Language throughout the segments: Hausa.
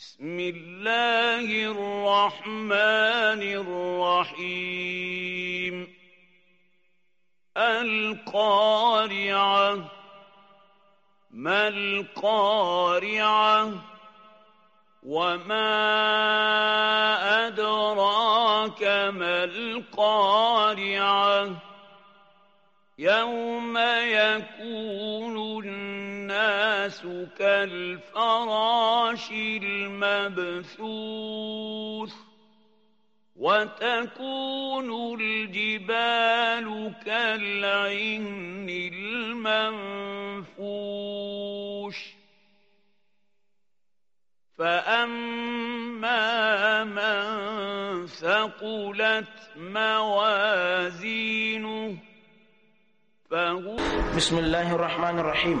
بسم الله الرحمن الرحيم القارعة ما القارعة وما أدراك ما القارعة يوم يكون الناس الناس كالفراش المبثوث وتكون الجبال كالعهن المنفوش فاما من ثقلت موازينه فهو بسم الله الرحمن الرحيم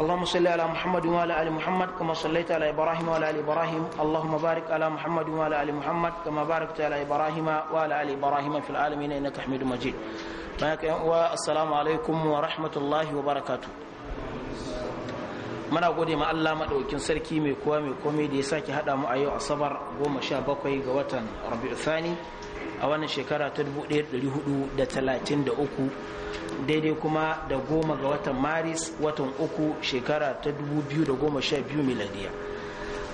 اللهم صل على محمد وعلى ال محمد كما صليت على ابراهيم وعلى ال ابراهيم اللهم بارك على محمد وعلى ال محمد كما باركت على ابراهيم وعلى ال ابراهيم في العالمين انك حميد مجيد والسلام عليكم ورحمه الله وبركاته muna gode ma Allah maɗaukin sarki mai kowa mai komai da ya sake haɗa mu a yau asabar goma sha bakwai ga watan rabi'u thani a wannan shekara ta 1433 daidai kuma da goma ga watan maris watan uku shekara ta 2012 miladiya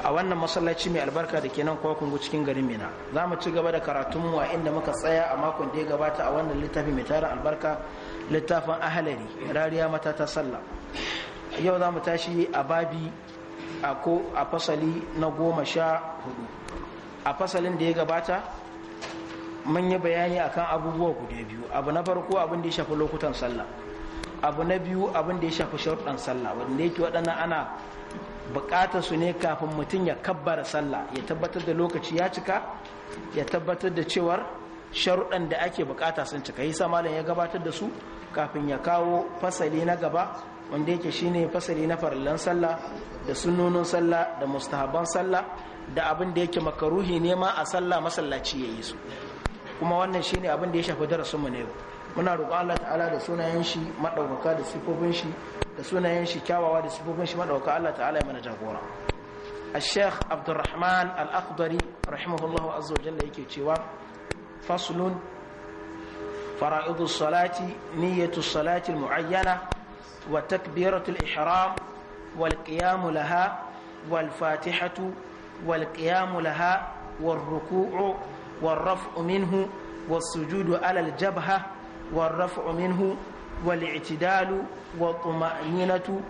a wannan masallaci mai albarka da ke nan kwakungu cikin garin mina za mu ci gaba da karatunmu a inda muka tsaya a makon da ya gabata a wannan littafin mai tara albarka littafin ahalari rariya mata ta sallah yau za mu tashi a babi a fasali na goma sha hudu a fasalin da ya gabata manya bayani akan abubuwa guda biyu abu na farko abin da ya shafi lokutan sallah abu na biyu abin da ya shafi sharuɗan sallah wanda yake waɗannan ana buƙatar su ne kafin mutum ya kabbara sallah ya tabbatar da lokaci ya cika ya tabbatar da cewar sharuɗan da ake buƙata sun cika yi malam ya gabatar da su kafin ya kawo fasali na gaba wanda yake shine fasali na farallan sallah da sunnonin sallah da mustahaban sallah da abin da yake makaruhi ne ma a sallah masallaci ya yi su kuma wannan shine abin da ya shafi darasin mu ne muna roƙon Allah ta'ala da sunayen shi madaukaka da sifofin shi da sunayen shi kyawawa da sifofin shi madaukaka Allah ta'ala ya mana jagora الشيخ عبد الرحمن الأخضري رحمه الله عز وجل yake cewa faslun فرائض الصلاة نية الصلاة المعينة وتكبيرة الإحرام والقيام لها والفاتحة والقيام لها والركوع والرفع منه والسجود على الجبهة والرفع منه والاعتدال والطمأنينة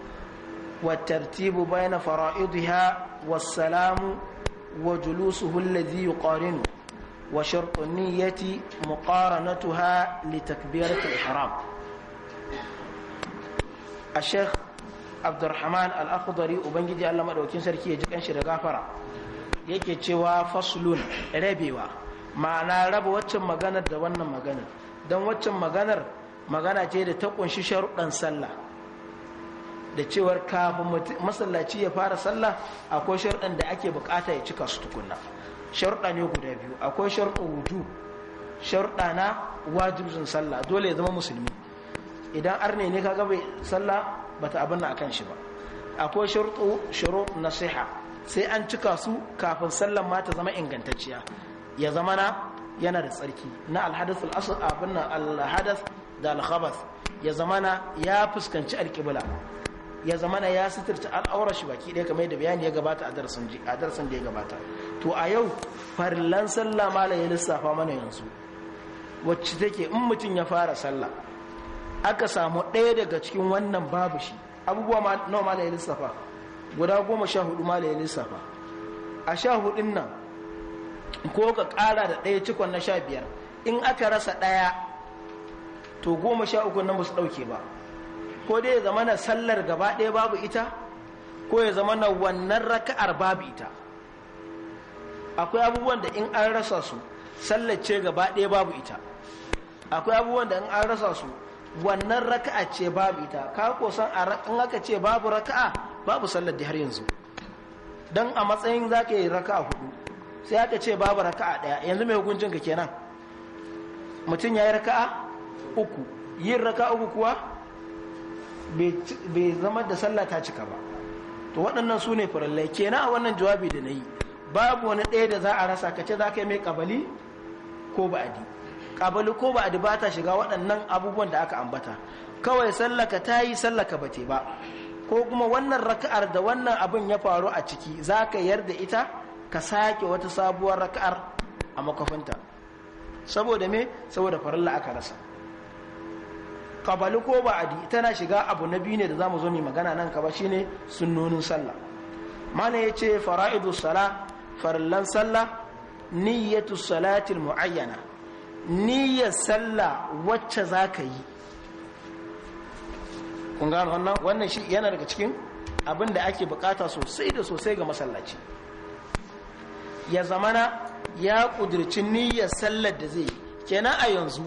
والترتيب بين فرائضها والسلام وجلوسه الذي يقارنه وشرط النية مقارنتها لتكبيرة الإحرام الشيخ عبد الرحمن الأخضري وبنجي الله مدوكين سركي يجب أن شرق غافرة yake cewa faslun rabewa ma'ana raba waccan maganar da wannan maganar don waccan maganar magana ce da ta kunshi sharuɗan sallah da cewar kafin masallaci ya fara sallah akwai sharuɗan da ake bukata ya cika su tukunna sharuɗa ne guda biyu akwai sharuɗa wuju sharuɗa na wajibin sallah dole ya zama musulmi idan arne ne kaga bai sallah bata abin a kan shi ba akwai sharuɗa sharuɗa nasiha sai an cika su kafin sallan ma ta zama ingantacciya ya zama na yana da tsarki na alhadasul asr abin nan alhadas da alkhabas ya zama na ya fuskanci alkibla ya zama na ya sitarci al'aura shi baki ɗaya kamar da bayani ya gabata a darasin da ya gabata to a yau farillan sallah malam ya lissafa mana yanzu wacce take in mutum ya fara sallah aka samu ɗaya daga cikin wannan babu shi abubuwa nawa malam ya lissafa guda goma sha hudu malam ya lissafa a sha hudun nan ko ka ƙara da ɗaya cikon na sha biyar in aka rasa ɗaya to goma sha uku nan ba su ɗauke ba ko dai ya zama na sallar gaba ɗaya babu ita ko ya zama na wannan raka'ar babu ita akwai abubuwan da in an rasa su sallar ce gaba ɗaya babu ita akwai abubuwan da in an rasa su wannan raka'a ce babu ita ka ko san in aka ce babu raka'a babu sallar da har yanzu dan a matsayin zaka yi raka'a hudu sai aka ce babu raka'a daya yanzu mai hukuncin ka kenan mutum ya yi raka'a uku yin raka'a uku kuwa bai zama da sallah ta cika ba to waɗannan su ne farallai kenan a wannan jawabi da na yi babu wani ɗaya da za a rasa ka ce za ka yi mai ƙabali ko ba'adi ƙabali ko ba'adi ba ta shiga waɗannan abubuwan da aka ambata kawai sallaka ta yi sallaka ba te ba ko kuma wannan raka'ar da wannan abin ya faru a ciki za ka yarda ita ka sake wata sabuwar raka'ar a makwafinta saboda me saboda farilla aka rasa kabali ko ba'adi tana shiga abu na biyu ne da za mu zo mai magana nan ka ba ne sunnonin sallah mana ya ce fara'idu sala farillan sallah niyyatu salatil mu'ayyana niyyar sallah wacce za ka yi kun gano wannan wannan shi yana daga cikin abin da ake bukata sosai da sosai ga masallaci ya zamana ya ƙudurci niyyar sallar da zai yi kenan a yanzu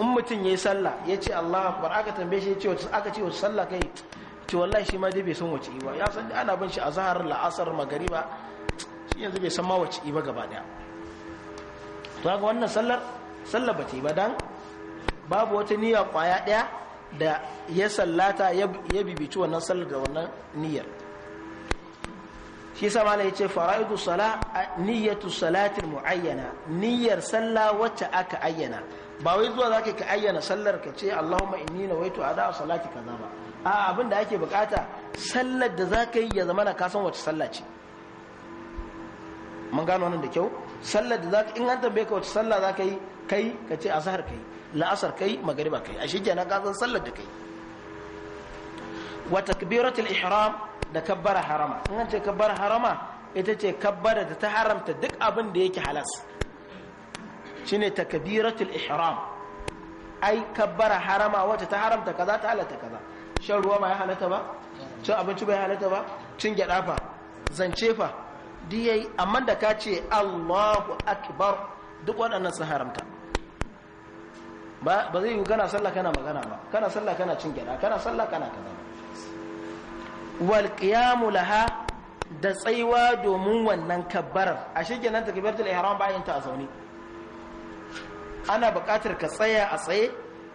in mutum ya yi sallah ya ce Allah akbar aka tambaye shi ya ce aka ce wasu sallah kai ce wallahi shi ma dai bai san wace ba ya san ana bin shi a zahar la'asar magariba shi yanzu bai san ma wace ba gaba daya to haka wannan sallar sallar ba ta yi ba dan babu wata niyya kwaya daya da ya sallata ya bibici wannan sallar da wannan niyyar shi yasa malam yace fara'idu sala niyyatu salatin muayyana niyyar sallah wacce aka ayyana ba wai zuwa zaka ka ayyana sallar ka ce Allahumma inni nawaitu ada salati kaza ba a abin da ake bukata sallar da zaka yi ya zama na kasan wacce sallah ce mun gano wannan da kyau sallar da zaka in an tambaye ka wacce sallah zaka yi kai ka ce azhar kai la'asar kai magriba kai a shi kenan ka san sallar da kai wa takbiratul ihram da kabbara harama in an ce kabbara harama ita ce kabbara da ta haramta duk abin da yake halas ta takbiratul ihram ai kabbara harama wata ta haramta kaza ta halatta kaza shan ruwa ba ya halatta ba cin abinci ba ya halatta ba cin gyada fa zance fa duk amma da ka ce Allahu akbar duk waɗannan sun haramta ba zai yi kana sallah kana magana ba kana sallah kana cin gyada kana sallah kana kaza wal qiyamu da tsaiwa domin wannan kabbarar a shi kenan takbiratul ihram bayan ta a zaune ana buƙatar ka tsaya a tsaye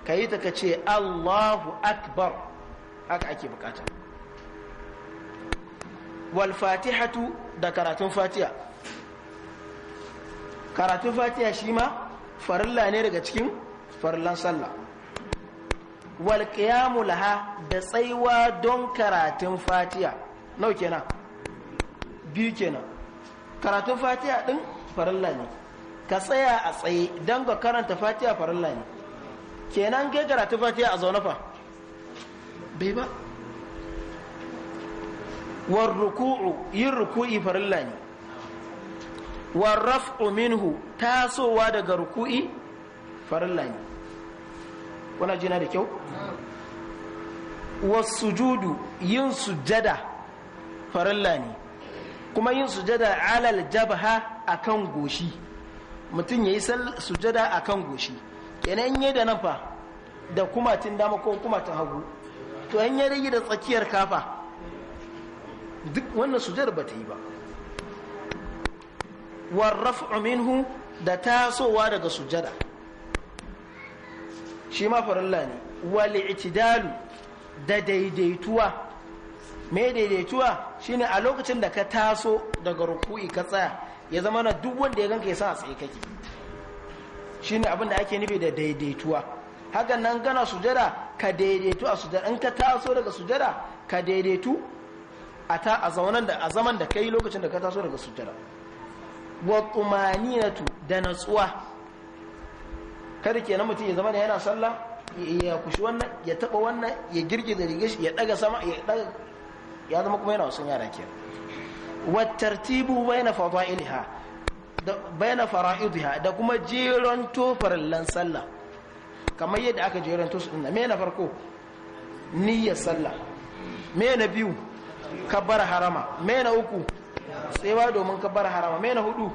ka yi ta ka ce Allahu akbar haka ake buƙata wal fatihatu da karatun Fatiya. karatun fatiha shi ma farilla ne daga cikin farillan sallah Walƙiyamu laha da tsaiwa don karatun Fatiya. nau kenan biyu kenan karatun fatiya ɗin farilla ne ka tsaya a tsaye don ga karanta fatiya farilla ne kenan ga karatun Fatiya a zaune fa bai ba war ruku'u yin ruku'i farilla ne war raf'u minhu tasowa daga ruku'i farilla ne kuna jina da kyau wasu judu yin sujada farilla ne kuma yin sujada alal jabha akan goshi mutum ya yi sujada akan goshi kenan yi da nafa da kumatin dama ko kumatin hagu to an yi rigi da tsakiyar kafa duk wannan sujada ba ta yi ba warraf minhu da tasowa daga sujada shi ma farilla ne wali itidalu da daidaituwa me daidaituwa shine a lokacin da ka taso daga ruku'i ka tsaya ya zama na duk wanda ya ganka ya sa a tsaye kake shine abin da ake nufi da daidaituwa hakan nan gana sujada ka daidaitu a sujada in ka taso daga sujada ka daidaitu a ta a zaunan da a zaman da kai lokacin da ka taso daga sujada wa tumaninatu da natsuwa kada nan mutum ya zama da yana sallah ya kushi wannan ya taba wannan ya girgiza rigar ya daga sama ya daga ya zama kuma yana wasan yara ke wa tartibu baina da baina fara'idha da kuma jeron lan sallah kamar yadda aka jeron to su dinna me na farko niyya sallah me na biyu kabbar harama me na uku tsewa domin kabbar harama me na hudu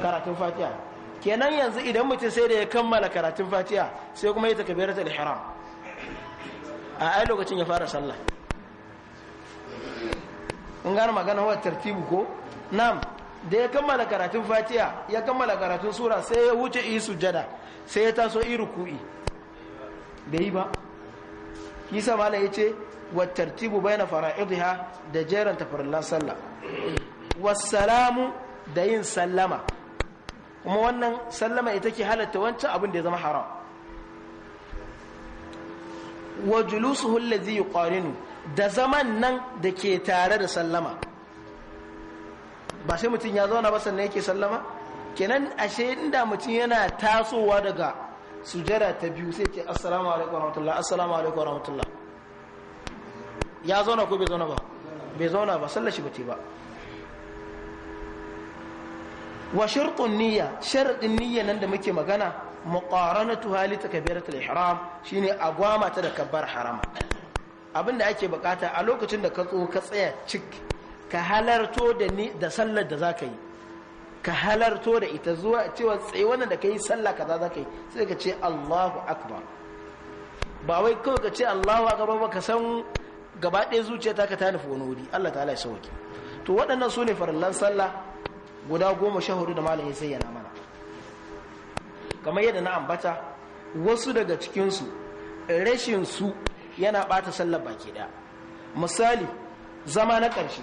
karatun fatiha kenan yanzu idan mutum sai da ya kammala karatun fatiha sai kuma ya ratar ihram a ai lokacin ya fara sallah in gane magana wa tartibu ko nam da ya kammala karatun Fatiya ya kammala karatun sura sai ya wuce yi sujada sai ya taso yi ruku'i bai yi ba kisa mala ya ce wa tartibu bai na fara'idha da jeranta farallan sallah wasalamu da yin sallama kuma wannan sallama ita ke halatta wancan abin da ya zama haram wa julusuhu allazi yuqarinu da zaman nan da ke tare da sallama ba sai mutum ya zauna ba sannan yake sallama kenan ashe inda mutum yana tasowa daga sujada ta biyu sai ke assalamu alaikum rahmatullah assalamu alaikum rahmatullah ya zauna ko bai zauna ba bai zauna ba sallashi ba ba ba wa shartun niyya sharadin niyya nan da muke magana muqaranatu hali takbiratul ihram shine agwama ta da kabbar harama abinda ake bukata a lokacin da ka tso ka tsaya cik ka halarto da ni da sallar da zaka yi ka halarto da ita zuwa cewa tsaye wannan da kai sallah kaza zaka yi sai ka ce Allahu akbar ba wai kawai ka ce Allahu akbar ba ka san gaba ɗaya zuciya ka ta nufi wani wuri Allah ta'ala ya sauke to waɗannan su ne farallan sallah guda goma sha hudu da malam ya sayyana mana kamar yadda na ambata wasu daga cikinsu rashin su yana ɓata sallar baki ɗaya misali zama na ƙarshe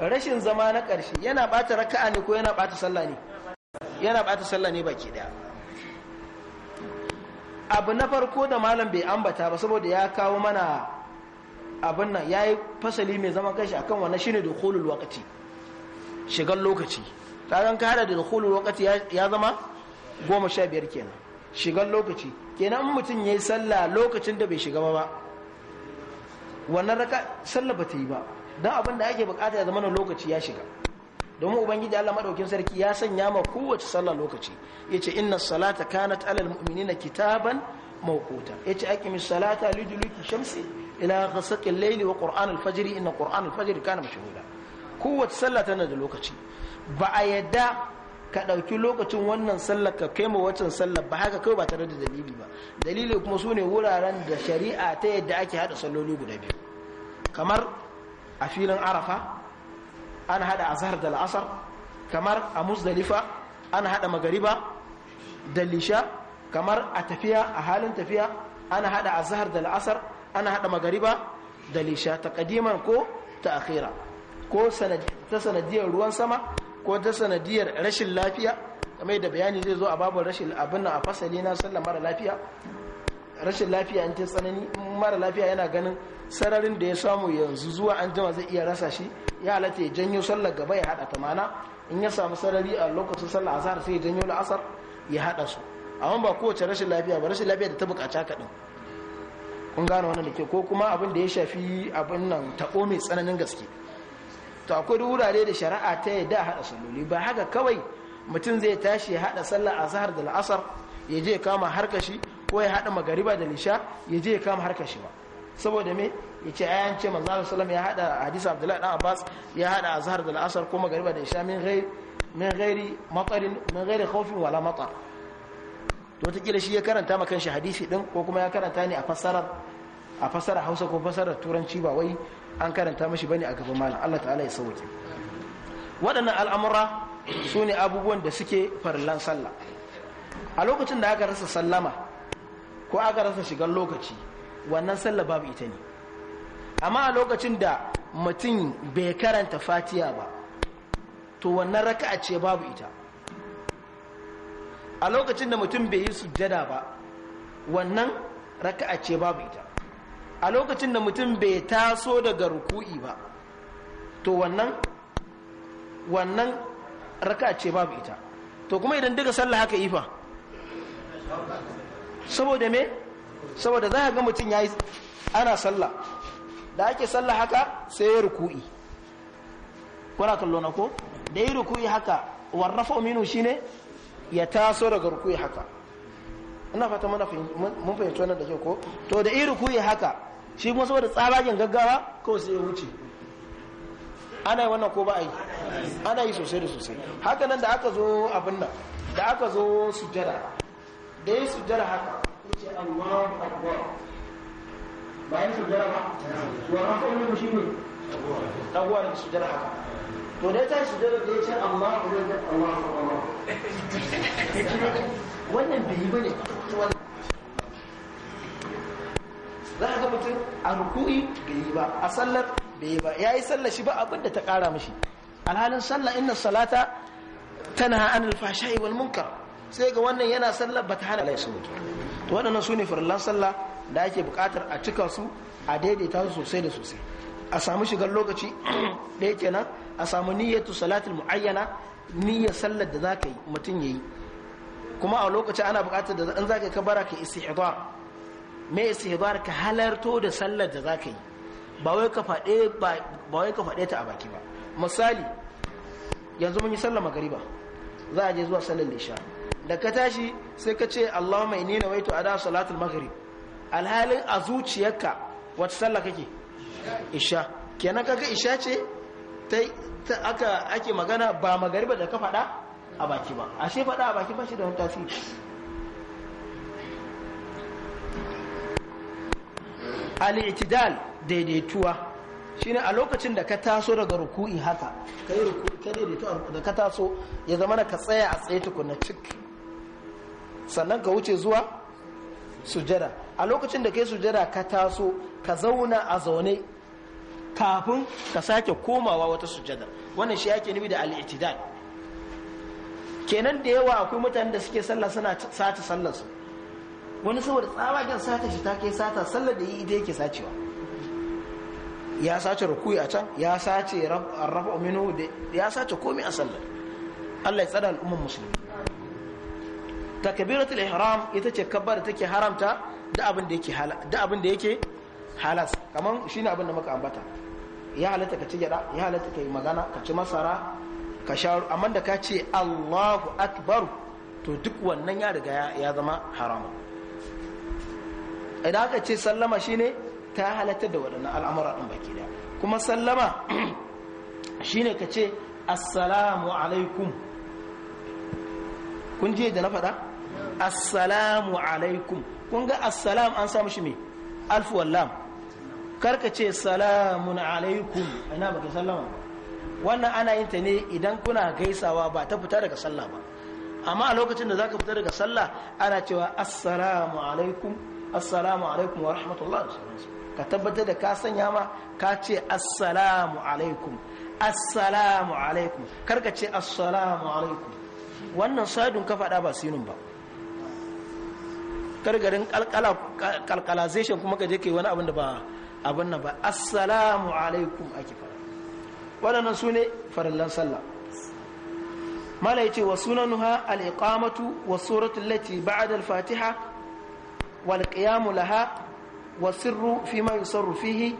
rashin zama na ƙarshe yana ɓata raka'a ne ko yana ɓata sallah ne yana ɓata sallah ne baki ɗaya abu na farko da malam bai ambata ba saboda ya kawo mana abin nan ya yi fasali mai zaman kashi akan wannan shine da waqti shigar lokaci kagan kada hada da dukkan lokaci ya zama goma sha biyar kenan shigar lokaci kenan in mutum ya yi sallah lokacin da bai shiga ba wannan raka sallah ba ta yi ba don abin da ake bukata ya zama na lokaci ya shiga domin ubangiji Allah maɗaukin sarki ya sanya ma kowace sallah lokaci yace inna salata kanat alal na kitaban mawquta yace aqimis salata liduluki shamsi ila ghasaqil layli wa qur'an al inna qur'an al kana kowace sallah tana da lokaci ba a yadda ka ɗauki lokacin wannan sallar ka kai ma sallah sallar ba haka kawai ba tare da dalili ba dalili kuma su ne wuraren da shari'a ta yadda ake haɗa salloli guda biyu kamar a filin arafa an haɗa azhar da la'asar kamar a musdalifa an haɗa magariba da lisha kamar a tafiya a halin tafiya ana haɗa azhar da la'asar ana haɗa magariba da lisha ta ko ta akhira ko ta sanadiyar ruwan sama ko ta sanadiyar rashin lafiya kamar da bayani zai zo a babu rashin abin a fasali na sallar mara lafiya rashin lafiya in ta tsanani mara lafiya yana ganin sararin da ya samu yanzu zuwa an jima zai iya rasa shi ya halatta ya janyo sallar gaba ya hada ta in ya samu sarari a lokacin sallar azahar sai ya janyo la'asar ya hada su amma ba kowace rashin lafiya ba rashin lafiya da ta bukaci haka din kun gane wannan da ke ko kuma abin da ya shafi abin nan taɓo mai tsananin gaske to akwai wurare da shari'a ta yadda a haɗa salloli ba haka kawai mutum zai tashi ya haɗa sallar azhar da la'asar ya je kama harkashi ko ya haɗa magariba da nisha ya je ya kama harkashi ba saboda me ya ce ayan ce manzo sallam ya haɗa hadisi abdullahi dan abbas ya haɗa azhar da la'asar ko magariba da nisha min ghairi min ghairi matarin min ghairi khawfin wala matar to wataƙila shi ya karanta ma kanshi hadisi din ko kuma ya karanta ne a fassarar a fassarar hausa ko fassarar turanci ba wai an karanta mashi bane a gaban malam Allah ta'ala ya sauke waɗannan al'amura su ne abubuwan da suke farlan sallah a lokacin da aka rasa sallama ko aka rasa shigan lokaci wannan sallah babu ita ne amma a lokacin da mutum bai karanta fatiya ba to wannan raka'a ce babu ita a lokacin da mutum bai yi sujjada ba wannan raka'a ce babu ita a lokacin da mutum bai taso daga ruku'i ba to wannan wannan raka ce babu ita to kuma idan duka sallah haka ifa saboda me saboda za a ga mutum ya yi ana sallah da ake sallah haka sai ya ruku'i kuna kallo na ko da ya ruku'i haka warrafa minu shine ya taso daga ruku'i haka ina fata mun fahimci wannan da ke ko to da ya ruku'i haka shi kuma saboda tsaragen gaggawa ko sai ya wuce ana yi wannan ko ba a yi ana yi sosai da sosai haka nan da aka zo abin nan da aka zo sujjada da yi sujjada haka wuce allah da ya sujjada da za ka ga mutum a ruku'i bai yi ba a sallar bai yi ba ya yi sallar shi ba abin da ta kara mishi alhalin sallar inna salata tana an alfashai wal munkar sai ga wannan yana sallar ba ta hana lai sunnatu to waɗannan su ne farillan sallah da ake buƙatar a cika su a daidaita su sosai da sosai a samu shigar lokaci ɗaya kenan a samu niyyatu salatul muayyana niyyar sallar da za ka yi mutum ya yi kuma a lokaci ana buƙatar da in zaka kabara ka istihdar me istihbar ka halarto da sallar da za ka yi ba wai ka faɗe ta a baki ba misali yanzu mun yi sallar magariba za a je zuwa sallar isha da ka tashi sai ka ce wai to a ada salatul maghrib alhalin a zuciyarka wata sallar kake isha kenan kaga isha ce ta ake magana ba magariba da ka faɗa a baki ba ashe faɗa a baki ba shi da wani tasiri al'itidal daidaituwa daidaituwa shine a lokacin da ka taso daga ruku'i haka ka yi ka da ka taso ya zama ka tsaya a tsaye tukuna cik sannan ka wuce zuwa sujada a lokacin da kai sujada ka taso ka zauna a zaune kafin ka sake komawa wata sujada wannan shi yake nufi da al'itidal kenan da yawa akwai mutanen da suke sallah suna sati sallar wani saboda kan sata shi ta kai sata sallar da yi ita yake sacewa ya sace rukuyi a can ya sace rafa minu ya sace komai a sallar Allah ya tsada al'ummar musulmi takbiratul ihram ita ce kabbar da take haramta da abin da yake da abin da yake halas abin da muka ambata ya halatta ka ci gyada ya halatta ka yi magana ka ci masara ka sha amma da ka ce Allahu akbar to duk wannan ya riga ya zama haramun idan aka ce sallama shine ta halatta da waɗannan al'amura ɗin baki da kuma sallama shine ka ce assalamu alaikum kun je da na faɗa assalamu alaikum kun ga assalam an samu shi me alfu wallam karka ce salamun alaikum ina baka sallama wannan ana yin ta ne idan kuna gaisawa ba ta fita daga sallah ba amma a lokacin da zaka fita daga sallah ana cewa assalamu alaikum assalamu alaikum wa rahmatullahi ka tabbatar da ka sanya ma ka ce assalamu alaikum assalamu alaikum karka ce assalamu alaikum wannan sadun ka faɗa ba sinin ba kargarin kalkalization kuma ka je ke wani abin da ba abin nan ba assalamu alaikum ake faɗa. waɗannan su ne farallan sallah mala yace wa sunanuha al-iqamatu wa suratul lati ba'da al-fatiha والقيام لها والسر فيما يسر فيه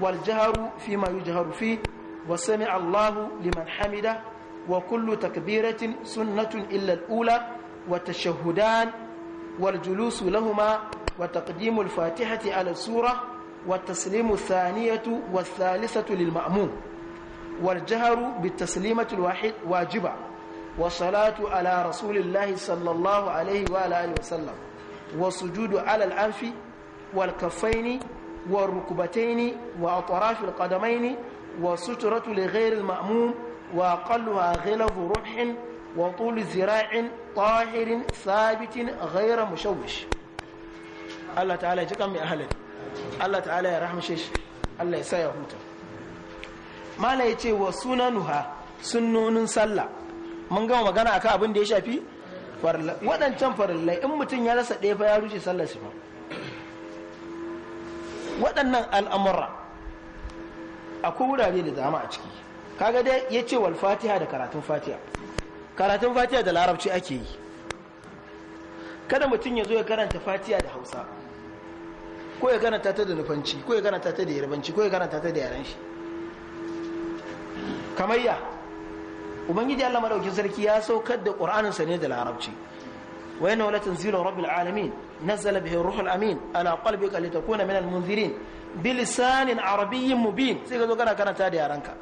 والجهر فيما يجهر فيه وسمع الله لمن حمده وكل تكبيرة سنة إلا الأولى والتشهدان والجلوس لهما وتقديم الفاتحة على السورة والتسليم الثانية والثالثة للمأموم والجهر بالتسليمة الواحد واجبة والصلاة على رسول الله صلى الله عليه وآله وسلم wa sujudu alal anfi wal kaffaini wa rukubataini wa atrafil qadamaini wa suturatu li ghairi al wa aqalluha ghilafu ruhin wa tulu sabitin ghaira mushawwish Allah ta'ala ya jika mai ahalin Allah ta'ala ya rahamshe shi Allah ya sa huta sallah mun gama magana akan abin da ya shafi waɗancan farillai in mutum ya rasa ɗaya fa ya rushe sallar shi fa waɗannan al'amura akwai wurare da dama a ciki kaga dai ya ce wal fatiha da karatun fatiha karatun fatiha da larabci ake yi kada mutum ya zo ya karanta fatiha da hausa ko ya karanta ta da nufanci ko ya karanta ta da yarbanci ko ya karanta ta da yaren shi kamayya ubangiji Allah madaukin sarki ya saukar da qur'anin sa ne da larabci wa inna la tanzilu rabbil alamin nazala bihi ruhul amin ala qalbika litakuna minal munzirin bi lisanin arabiyyin mubin sai ka zo kana karanta da yaranka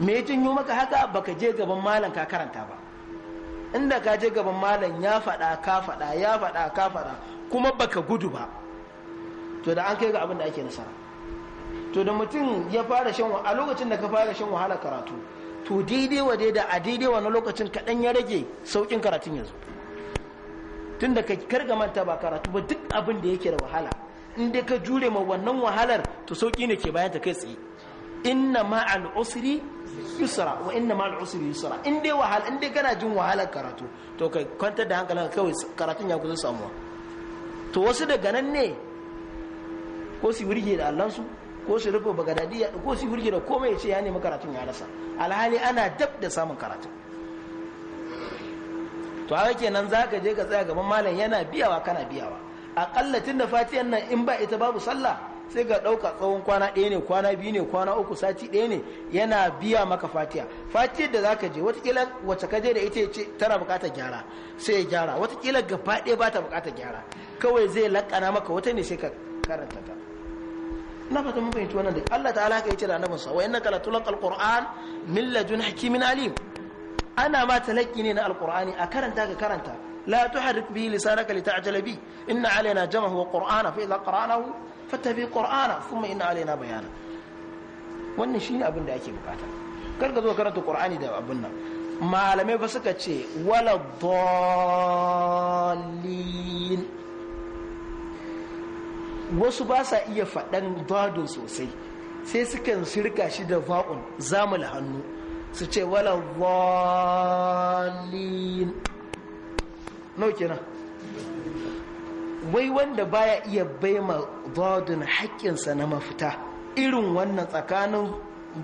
me ya janyo maka haka baka je gaban malam ka karanta ba inda ka je gaban malam ya faɗa ka faɗa ya faɗa ka faɗa kuma baka gudu ba to da an kai ga abin da ake nasara to da mutum ya fara shan a lokacin da ka fara shan wahala karatu to daidai wa daidai a daidai wa na lokacin kaɗan ya rage sauƙin karatun yanzu tun da ka karga manta ba karatu ba duk abin da yake da wahala in dai ka jure ma wannan wahalar to sauƙi ne ke bayan ta kai tsaye inna ma al usri yusra wa inna ma al usri yusra in dai wahala in dai kana jin wahalar karatu to kai kwantar da ka kawai karatun ya kusa samuwa to wasu daga nan ne ko su wurge da allansu ko su rufe bagadadi ya ko su burge da komai ya ce ya nemi karatun ya rasa alhali ana dab da samun karatun to haka kenan za ka je ka tsaya gaban malam yana biyawa kana biyawa aƙalla tun da fatiyan nan in ba ita babu sallah sai ga ɗauka tsawon kwana ɗaya ne kwana biyu ne kwana uku sati ɗaya ne yana biya maka fatiya fatiyar da ka je watakila wacce ka je da ita ce tana buƙatar gyara sai ya gyara watakila gaba ɗaya ba ta buƙatar gyara kawai zai laƙana maka wata ne sai ka karanta ta ina fata mun fahimci wannan da Allah ta'ala haka yace da annabin sa wa innaka latulqal qur'an min ladun hakimin alim ana ma talaki ne na alqur'ani a karanta ka karanta la tuharrik bi lisanaka lita'jala bi inna alaina jam'ahu wa qur'ana fa idza qara'nahu fattabi qur'ana thumma inna alaina bayana wannan shine abin da ake bukata kar ka zo karanta qur'ani da abin nan malamai ba suka ce wala dallin wasu ba sa iya faɗan dadun sosai sai sukan shirka shi da va'un zamul hannu su ce wala zalin nau kenan wai wanda baya iya baima dadun haƙƙinsa na mafita irin wannan tsakanin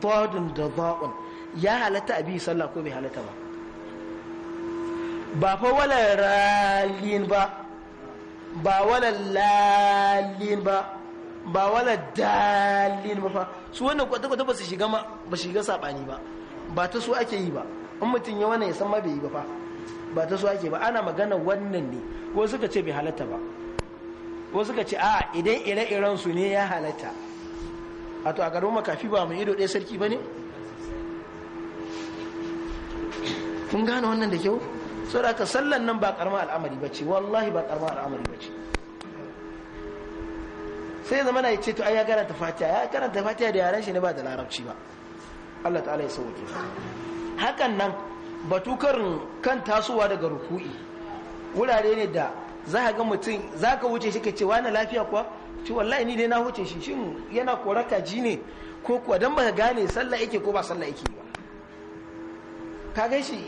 dadun da va'un ya halatta a biyu sallah ko bai halatta ba ba fa wala ralin ba ba wala lalin ba ba wala dalin ba fa su wannan kwata-kwata ba su shiga ma ba shiga sabani ba ba ta su ake yi ba in mutum ya wannan ya san ma bai yi ba fa ba ta su ake ba ana magana wannan ne ko suka ce bai halatta ba ko suka ce a idan ire-iren su ne ya halatta a to a garin makafi ba mai ido ɗaya sarki ba ne kun gane wannan da kyau saboda haka sallan nan ba karama al'amari ba ce wallahi ba karama al'amari bace sai zama na ce to ai ya karanta fatiha ya karanta fatiha da yaran shi ne ba da larabci ba Allah ta'ala ya sauke hakan nan batu kan tasowa daga ruku'i wurare ne da za ka ga mutum za ka wuce shi ka ce wani lafiya kuwa ci wallahi ni dai na wuce shi shin yana kora kaji ne ko kuwa don baka gane sallah yake ko ba sallah yake ba ka gan shi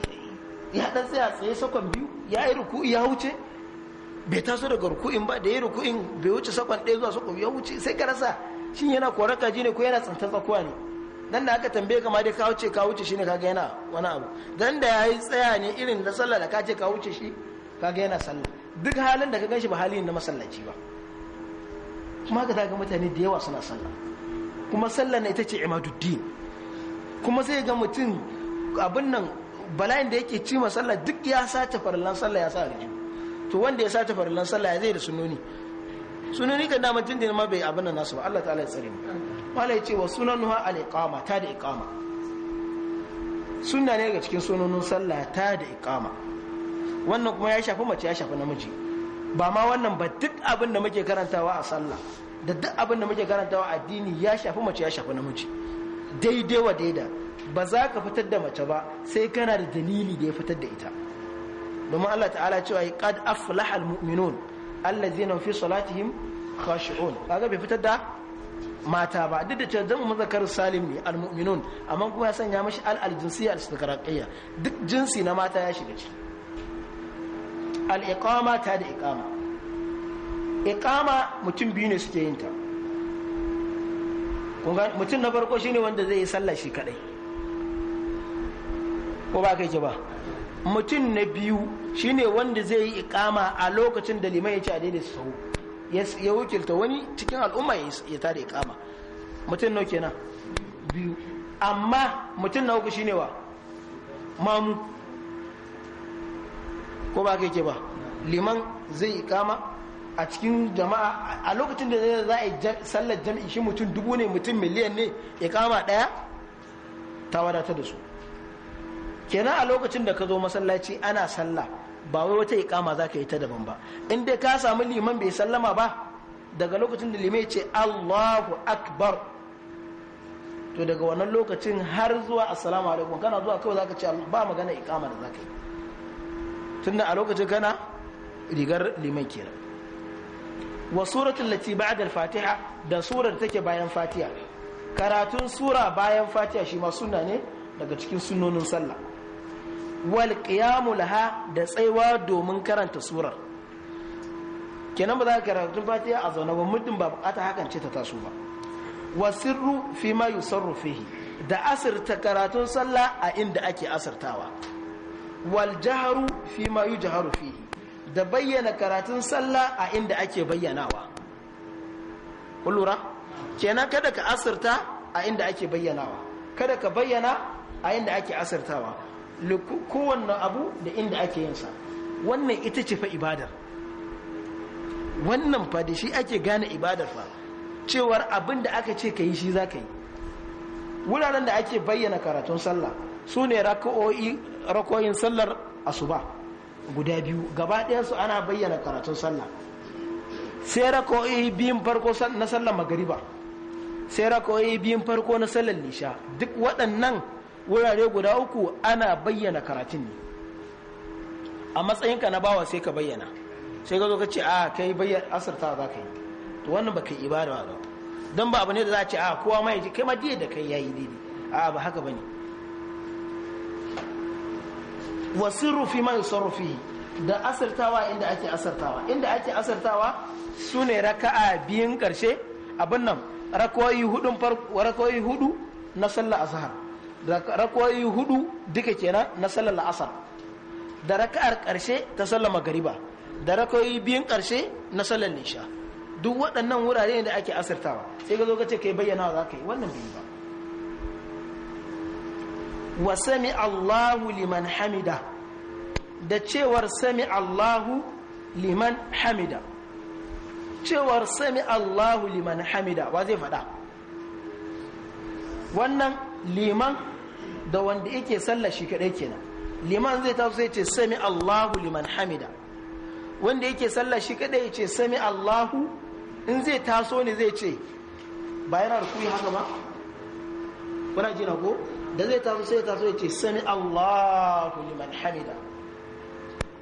ya dan tsaya tsaye sakon biyu ya yi ruku'i ya wuce bai taso daga ruku'in ba da ya ruku'in bai wuce sakon ɗaya zuwa sakon ya wuce sai ka rasa shi yana korar kaji ne ko yana tsantar tsakuwa ne dan da aka tambaye kama dai ka wuce ka wuce shi ne kaga yana wani abu dan da ya yi tsaya ne irin na sallah da ka ce ka wuce shi kaga yana sallah duk halin da ka ganshi ba halin na masallaci ba kuma ka ga mutane da yawa suna sallah kuma sallah na ita ce imaduddin kuma sai ga mutum abin nan bala'in da yake ci sallah duk ya sace farallan sallah ya sa rijiyu to wanda ya sace farallan sallah ya zai da sunoni sunoni kan dama tun da ma bai abin nasu ba Allah ta'ala ya tsare mu wala ya ce wa sunanuha al iqama ta da iqama sunna ne ga cikin sunonin sallah ta da iqama wannan kuma ya shafi mace ya shafi namiji ba ma wannan ba duk abin da muke karantawa a sallah da duk abin da muke karantawa a addini ya shafi mace ya shafi namiji daidai wa daidai. ba za ka fitar da mace ba sai kana da dalili da ya fitar da ita domin Allah ta'ala cewa ya qad aflaha almu'minun allazina fi salatihim khashi'un kaga bai fitar da mata ba duk da cewa zan mazakar salim ne almu'minun amma kuma ya sanya mashi al aljinsiyya al-istiqraqiyya duk jinsi na mata ya shiga ciki al-iqama ta da iqama iqama mutum biyu ne suke yin ta mutum na farko shine wanda zai yi sallah shi kadai ko ba kai ke ba mutum na biyu shine wanda zai yi ikama a lokacin da liman ya ce a daidai sau ya wukilta wani cikin al'umma ya tada ikama mutum nau kenan biyu amma mutum na uku shine wa mamu ko ba kai ke ba liman zai ikama a cikin jama'a a lokacin da za a yi sallar jam'i shi mutum dubu ne mutum miliyan ne ikama daya ta wadatar da su kenan a lokacin da ka zo masallaci ana sallah ba wai wata ikama za ka yi ta daban ba in dai ka samu liman bai sallama ba daga lokacin da limai ce allahu akbar to daga wannan lokacin har zuwa assalamu alaikum kana zuwa kawai za ka ce ba magana ikama da za ka yi tunda a lokacin kana rigar liman kenan wa suratul lati ba'da al-fatiha da surar take bayan fatiha karatun sura bayan fatiha shi ma sunna ne daga cikin sunnonin sallah wal qiyamu laha da tsaiwa domin karanta surar kenan ba za ka karatu fatiha a zaune ba muddin ba bukata hakan ce ta taso ba wasirru fi ma yusarru fihi da asirta karatun sallah a inda ake asirtawa wal jaharu fi ma yujharu fihi da bayyana karatun sallah a inda ake bayyanawa kun lura kenan kada ka asirta a inda ake bayyanawa kada ka bayyana a inda ake asirtawa kowanne abu da inda ake yin sa wannan ita ce fa ibadar wannan fa da shi ake gane ibadar fa cewar abin da aka ce ka yi shi za ka yi wuraren da ake bayyana karatun sallah su ne rakoyin sallar asuba guda biyu gaba su ana bayyana karatun sallah sai rakoyi biyun farko na sallar magariba sai rakoyi biyun farko na sallar nisha duk waɗannan wurare guda uku ana bayyana karatun ne a matsayinka na bawa sai ka bayyana sai ka zo ka ce a ah, kai bayyana asirta za ka yi to wannan ba ka yi ibada ba don ba abu ne da za a ce a ah, kowa ma ji kai ma diya da kai ya yi daidai a ba haka ba ne rufi fi son rufi da asirtawa inda ake asirtawa inda ake asirtawa su ne raka'a biyun karshe abin nan rakoyi hudu na sallah azhar rakwa'i hudu duka kenan na sallar la'asar da raka'ar karshe ta sallar magariba da rakwa'i biyun karshe na sallar nisha duk waɗannan wurare da ake asirtawa sai ka zo ka ce kai bayyana za ka yi wannan bai ba wa sami Allahu liman hamida da cewar sami Allahu liman hamida cewar sami Allahu liman hamida wa zai faɗa wannan liman da wanda yake sallah shi kadai kenan liman zai taso sai ce sami Allahu liman hamida wanda yake sallah shi kadai ya ce sami Allahu in zai taso ne zai ce ba yana haka ba kuna jina ko da zai taso sai taso ya ce sami Allahu liman hamida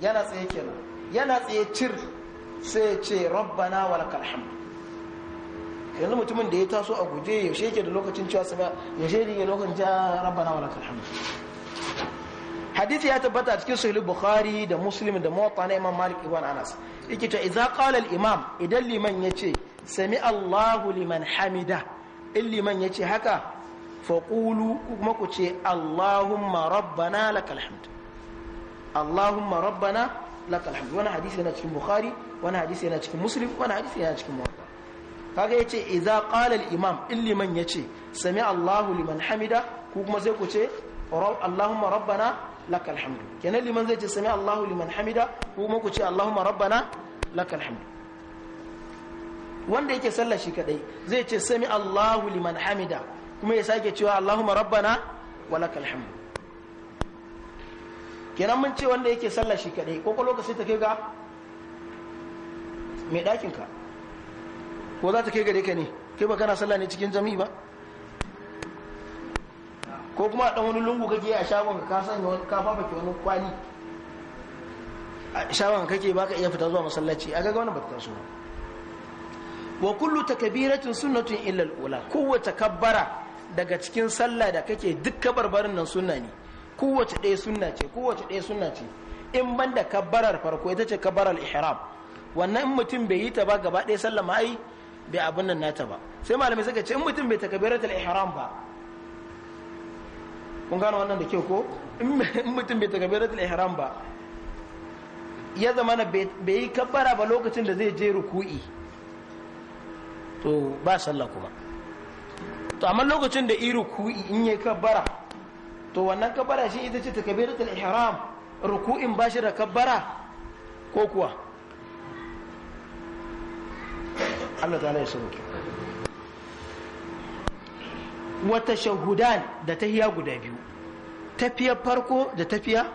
yana tsaye kenan yana tsaye cir sai ce rabbana walakal hamd yanzu mutumin da ya taso a guje yaushe yake da lokacin cewa sana yaushe ne lokacin ja rabbana wa lakal hamd hadisi ya tabbata a cikin sahih bukhari da muslim da muwatta na imam malik ibn anas yake to idza qala al imam idan liman yace sami allahu liman hamida in liman yace haka faqulu kuma ku ce allahumma rabbana lakal hamd allahumma rabbana lakal hamd wani hadisi yana cikin bukhari wani hadisi yana cikin muslim wani hadisi yana cikin muwatta kaga yace idza qala al-imam illiman yace sami Allahu liman hamida ku kuma sai ku ce Allahumma rabbana lakal hamdu kenan liman zai ce sami Allahu liman hamida ku kuma ku ce Allahumma rabbana lakal hamdu wanda yake sallah shi kadai zai ce sami Allahu liman hamida kuma ya sake cewa Allahumma rabbana walakal lakal hamdu kenan mun ce wanda yake sallah shi kadai ko lokacin ta kai ga mai dakin ka ko za ta kai gare ka ne kai ba kana sallah ne cikin jami'i ba ko kuma a ɗan wani lungu kake a shagon ka sanya wani ka fafa wani kwani a shagon kake ka iya fita zuwa masallaci a gaggawa na ba ta so wa kullu takabiratin sunnatun illa al-ula kowace kabbara daga cikin sallah da kake duk kabarbarin nan sunna ne kowace ɗaya sunna ce kowace ɗaya sunna ce in banda da kabbarar farko ita ce kabbarar ihram wannan mutum bai yi ta ba gaba ɗaya sallah bai abin nan nata ba sai malamai suka ce in mutum bai takabiratul ihram ba kun gano wannan da kyau ko in mutum bai takabiratul ihram ba ya zama na bai yi kabbara ba lokacin da zai je ruku'i to ba sallah kuma to amma lokacin da yi ruku'i in yi kabbara to wannan kabbara shi ita ce takabiratul ihram ruku'in ba shi da kabbara ko kuwa Allah ta ya sauki. wata shahudan da tafiya guda biyu tafiya farko da tafiya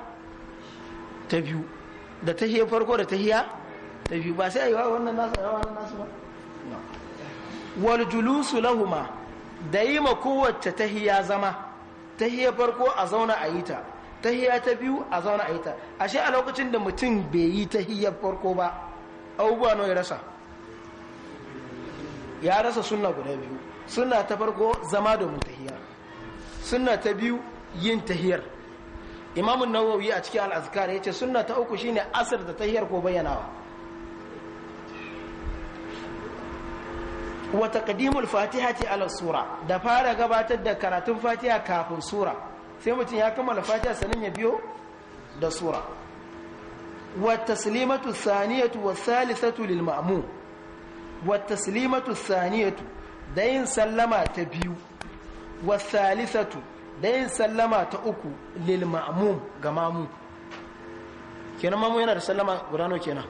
ta biyu da tafiya farko da tafiya ta biyu ba sai a yi wa wannan nasu a wannan nasu ba wal julusu lahuma da yi ma kowace tahiya zama tahiya farko a zauna a yi ta tahiya ta biyu a zauna a yi ta ashe a lokacin da mutum bai yi tahiyar farko ba abubuwa nawa ya rasa ya rasa sunna guda biyu sunna ta farko zama da tahiyar sunna ta biyu yin tahiyar imamun nawawi a cikin al'azkar ya ce sunna ta uku shine asir da tahiyar ko bayyanawa kadimul Fatiha ce ala sura da fara gabatar da karatun fatiha kafin sura sai mutum ya kammala fatiha sanin ya biyo da sura wata salimatu saniyatu wa salisatu lil wata saniyatu da yin sallama ta biyu wasalisatu da yin sallama ta uku lil ma'mum ga mamu kenan mamu yana da sallama guda nawa kenan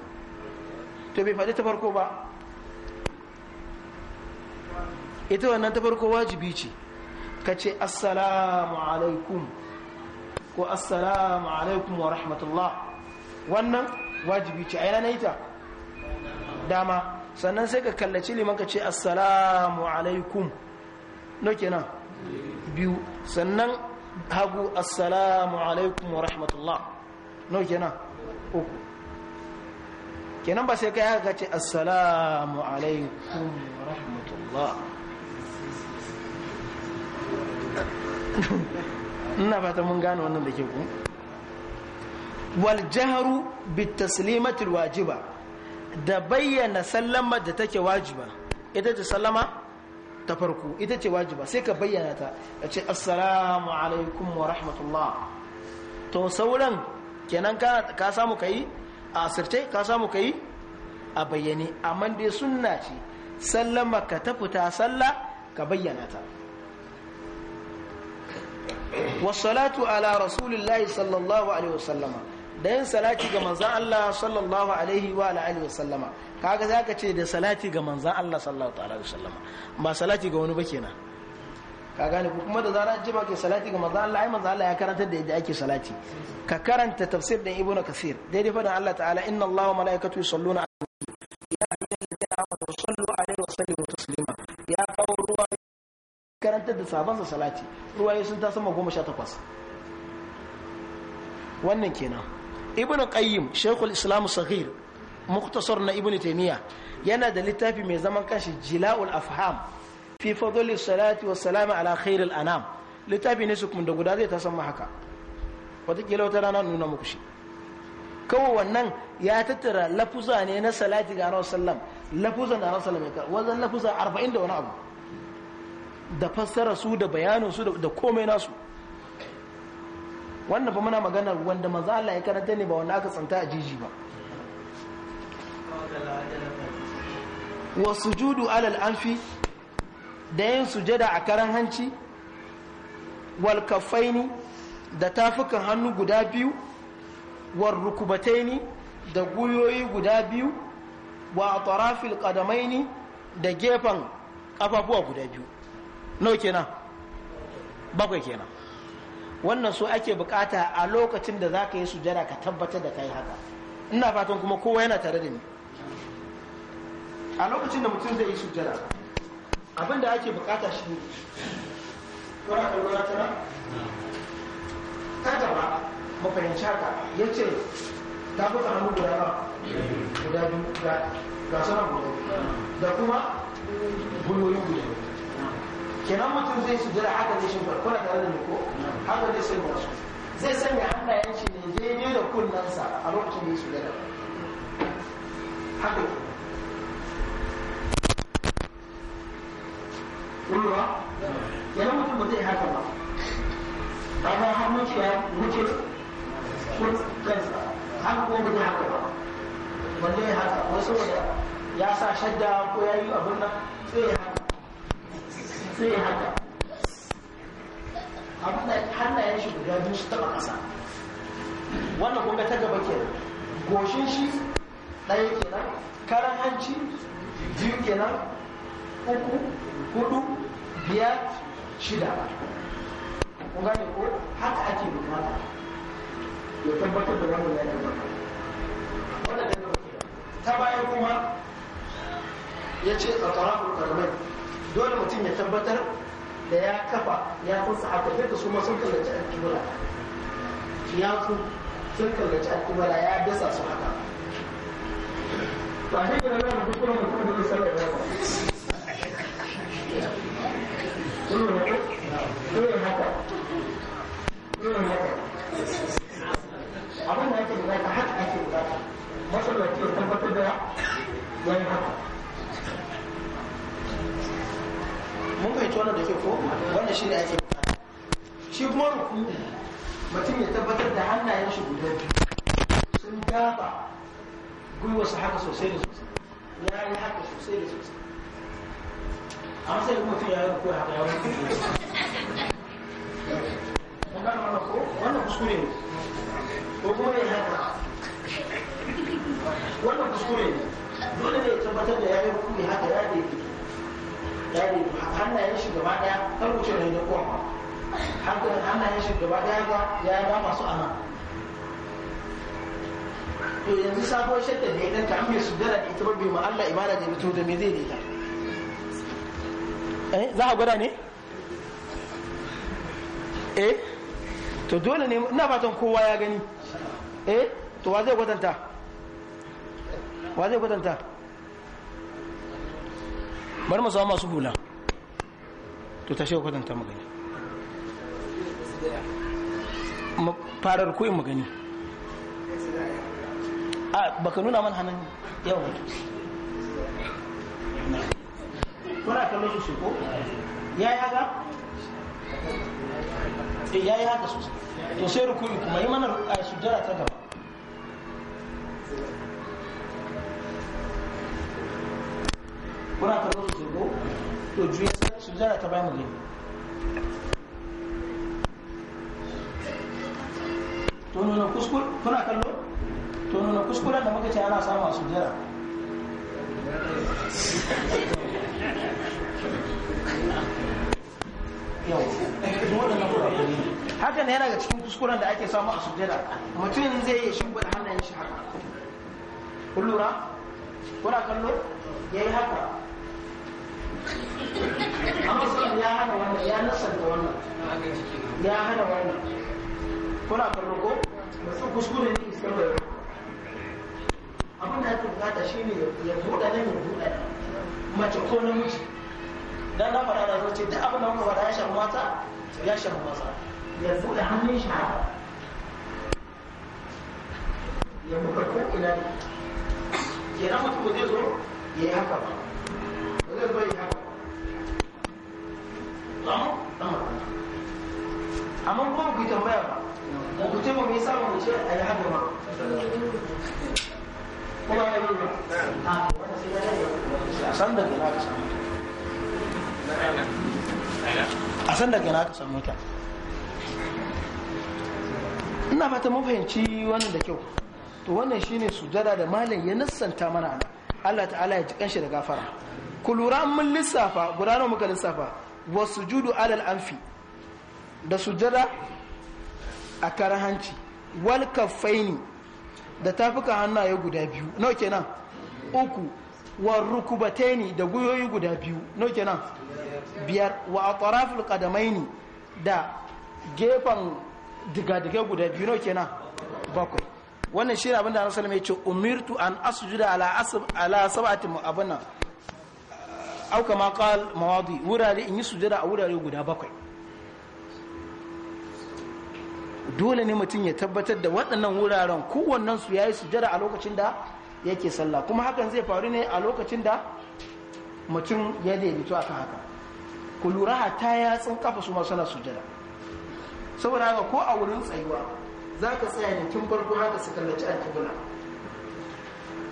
to bai faɗi ta farko ba ita wannan ta farko wajibi ce ka ce assalamu alaikum ko assalamu alaikum wa rahmatullah wannan wajibi ce a yana na ita dama sannan sai ka kallaci liman ka ce assalamu alaikum no kenan biyu sannan hagu assalamu alaikum wa rahmatullah no kenan uku kenan ba sai ka ka ce assalamu alaikum wa rahmatullah ina fata mun gane wannan da ke ku wal jaharu bi taslimatil wajiba da bayyana sallama da take wajiba ita ce sallama ta farko ita ce wajiba sai ka bayyana ta a ce assalamu alaikum wa rahmatullah to sauran kenan ka samu ka yi a asirce ka samu ka yi a bayyane amma dai sunna ce sallama ka ta fita sallah ka bayyana ta salatu ala rasulillahi sallallahu alaihi wasallama da yin salati ga manzan Allah sallallahu alaihi wa alihi wasallama kaga zaka ce da salati ga manzan Allah sallallahu alaihi wasallama ba salati ga wani ba kenan ka gane ku kuma da zara ji ba ke salati ga manzan Allah ai manzan Allah ya karanta da yadda ake salati ka karanta tafsir din Ibn Kathir daidai fadan Allah ta'ala inna Allah wa malaikatu yusalluna ya ayyuhallazina amanu sallu alaihi wa sallimu taslima ya kawo ruwa karantar da sabansa salati ruwaye sun ta sama goma sha takwas wannan kenan ibn qayyim shaykhul islam saghir muktasar na ibn taymiya yana da littafi mai zaman kanshi jila'ul afham fi fadli salati wa salama ala khairil anam littafi ne su kuma da guda zai ta san haka wataƙila wata rana nuna muku shi kawai wannan ya tattara lafuza ne na salati ga anawar sallam lafuza na anawar sallam ya wajen lafuza arba'in da wani abu da fassara su da bayanin su da komai nasu wannan ba muna maganar wanda maza Allah ya karanta ne ba wanda aka tsanta a jiji ba wa sujudu alal anfi da yin sujada a karan hanci wal kaffaini da tafukan hannu guda biyu war rukubataini da guyoyi guda biyu wa atrafil qadamaini da gefen kafafuwa guda biyu nau kenan bakwai kenan wannan so ake bukata a lokacin da za ka yi sujada ka tabbatar da kai haka ina fatan kuma kowa yana tare da ni a lokacin da mutum zai yi sujada abin da ake bukata shi ne kuna kallon tara ta gaba mafahimci haka ya ce ta fi hannu guda ba guda biyu ga sanar guda da kuma buloyi guda biyu kenan mutum zai jira haka zai shimfar kuna da wani ko haka zai sai wasu zai sanya hannayen yanci ne ne da kunnensa a lokacin da su sujjada haka kuma kenan mutum ba zai haka ba ba ba hannun shi ya wuce kansa haka ko ba zai haka ba wanda ya haka wasu ya sa shadda ko ya yi abin nan sai ya haka sai ya haka abin da hannayen shi guda biyu su taba kasa wannan kuma ta gaba kenan goshin shi ɗaya kenan karan hanci biyu kenan uku hudu biyar shida kun gane ko haka ake bukata ya tabbatar da wannan ya wannan ta bayan kuma ya ce a tsara kurkarmai dole mutum ya tabbatar da ya kafa ya kusa haƙaƙe da su ma sun kallaci alkibla ya su sun kallaci alkibla ya dasa su haka ba shi ke nan da hukumar mutum da sallar haka sosai da sosai ya yi haka sosai da sosai a matsayin da mutum ya yi rukuwa haka ya wani kuma ko wannan kuskure ne ko kuma ya haka wannan kuskure ne dole ne ya tabbatar da ya yi rukuwa haka ya daidai ya daidai hannayen shi gaba daya kan wuce da ya kowa hannayen shi gaba daya ya dama su a nan to yanzu sabuwar shadda da ya danka an su sujjada da ita ba bai ma Allah ibada ne mutum da me zai da eh za a gwada ne eh to dole ne ina fatan kowa ya gani eh to wa zai gwadanta? wa zai gwadanta bari mu samu masu hula to ta shewa kwatanta magani farar kuyin magani a baka nuna mana hannun yawa kuna kallon su su ko ya yi haka eh, ya yi haka sosai to sai rukuni kuma yi mana sujjara ta gaba kuna kallon su su ko to juya sujjara ta bayan mu to nuna kuskure kuna kallo to nuna kuskuren da muka ce ana samu a sujera haka ne yana ga cikin kuskuren da ake samu a sujera mutum zai yi shimfiɗa hannun shi haka kun lura kuna kallo ya yi haka amma sun ya hana wannan ya da wannan ya hana wannan kuna kallo ko da su kuskure ne iskandar abin da ake bukata shi ne ya buɗe nan ya buɗa nan mace ko namiji dan na faɗa da zo ce duk abin da muka faɗa ya shafi mata ya shafi masa ya buɗe hannun shi haka ya buɗe ko ina ne kenan mutum zai zo ya yi haka ba ba zai zo ya yi haka ba zama amma kuma ku tambaya ba ku ce ba mu yi samun mu ce a yi haka ba a san daga na ka samu ta ina fata mafahimci wani da kyau to wannan shine sujada da malam ya nassanta mana Allah ta'ala ya ji kanshi da gafara ku lura mun lissafa guda nawa muka lissafa wa sujudu alal anfi da sujada a karahanci wal kaffaini da tafukan hannaye guda biyu nau kenan uku wa rukubataini da guyoyi guda biyu nau kenan biyar wa atraful qadamaini da gefen digadigai guda biyu nau kenan bakwai wannan shi abin da salama ya ce umirtu an asjuda ala asab ala sab'ati abana au kama qal mawadi wurare in yi sujada a wurare guda bakwai dole ne mutum ya tabbatar da waɗannan wuraren kowannen su yayi sujada a lokacin da yake sallah kuma hakan zai faru ne a lokacin da mutum ya daidaito akan haka ku lura ta yatsun kafa su ma suna sujada saboda haka ko a wurin tsayuwa za ka tsaya ne tun farko haka su kallaci alkibula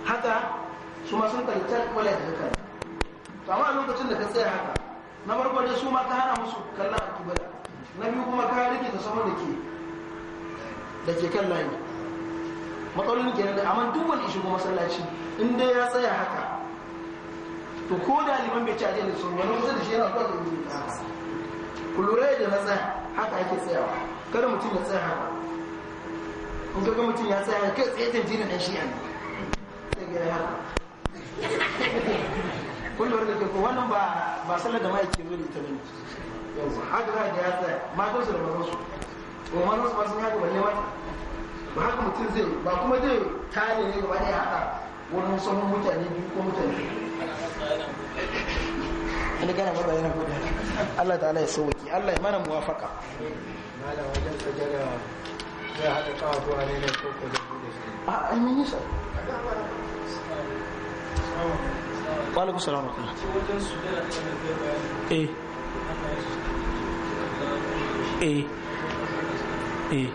haka su ma sun kallaci alkibula da haka to amma a lokacin da ka tsaya haka na farko dai su ma ka hana musu kallon alkibula na biyu kuma ka rike ta saman da ke da ke kan layi matsalolin kenan da amma duk wani shigo masallaci in dai ya tsaya haka to ko da liman bai ci a da sun wani kusa da shi yana zuwa da wuri da haka ku lura da na tsaya haka ake tsayawa kada mutum ya tsaya haka in ga mutum ya tsaya kai tsaye tantirin dan shi ne sai ga ya haka kullum da ke ko wannan ba sallar da ma'aikin zuri ta bane yau haka za a ga ya tsaya matansu da mazansu goma nan su ba sun yi balle wani ba haka mutum zai ba kuma zai tare ne gaba ɗaya haka wurin sauran mutane biyu ko mutane ina gana ma bayanan gudu Allah ta ala ya sauki Allah ya mana muwafaka malam wajen sajada zai haɗa ƙafuwa ne na koko da buɗe shi a an yi nisa walaikun salam wa kula eh eh Eh.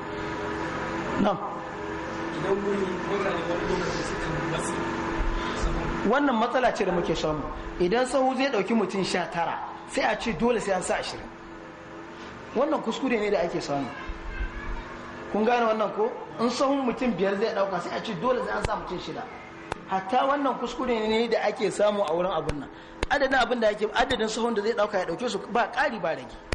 wannan matsala ce da muke samu idan sahu zai dauki mutum sha tara sai a ce dole sai an sa ashirin wannan kuskure ne da ake samu kun gane wannan ko in sahun mutum biyar zai dauka sai a ce dole sai an sa mutum shida hatta wannan kuskure ne da ake samu a wurin abin nan adadin abin da ake adadin sahun da zai dauka ya dauke su ba ƙari ba rage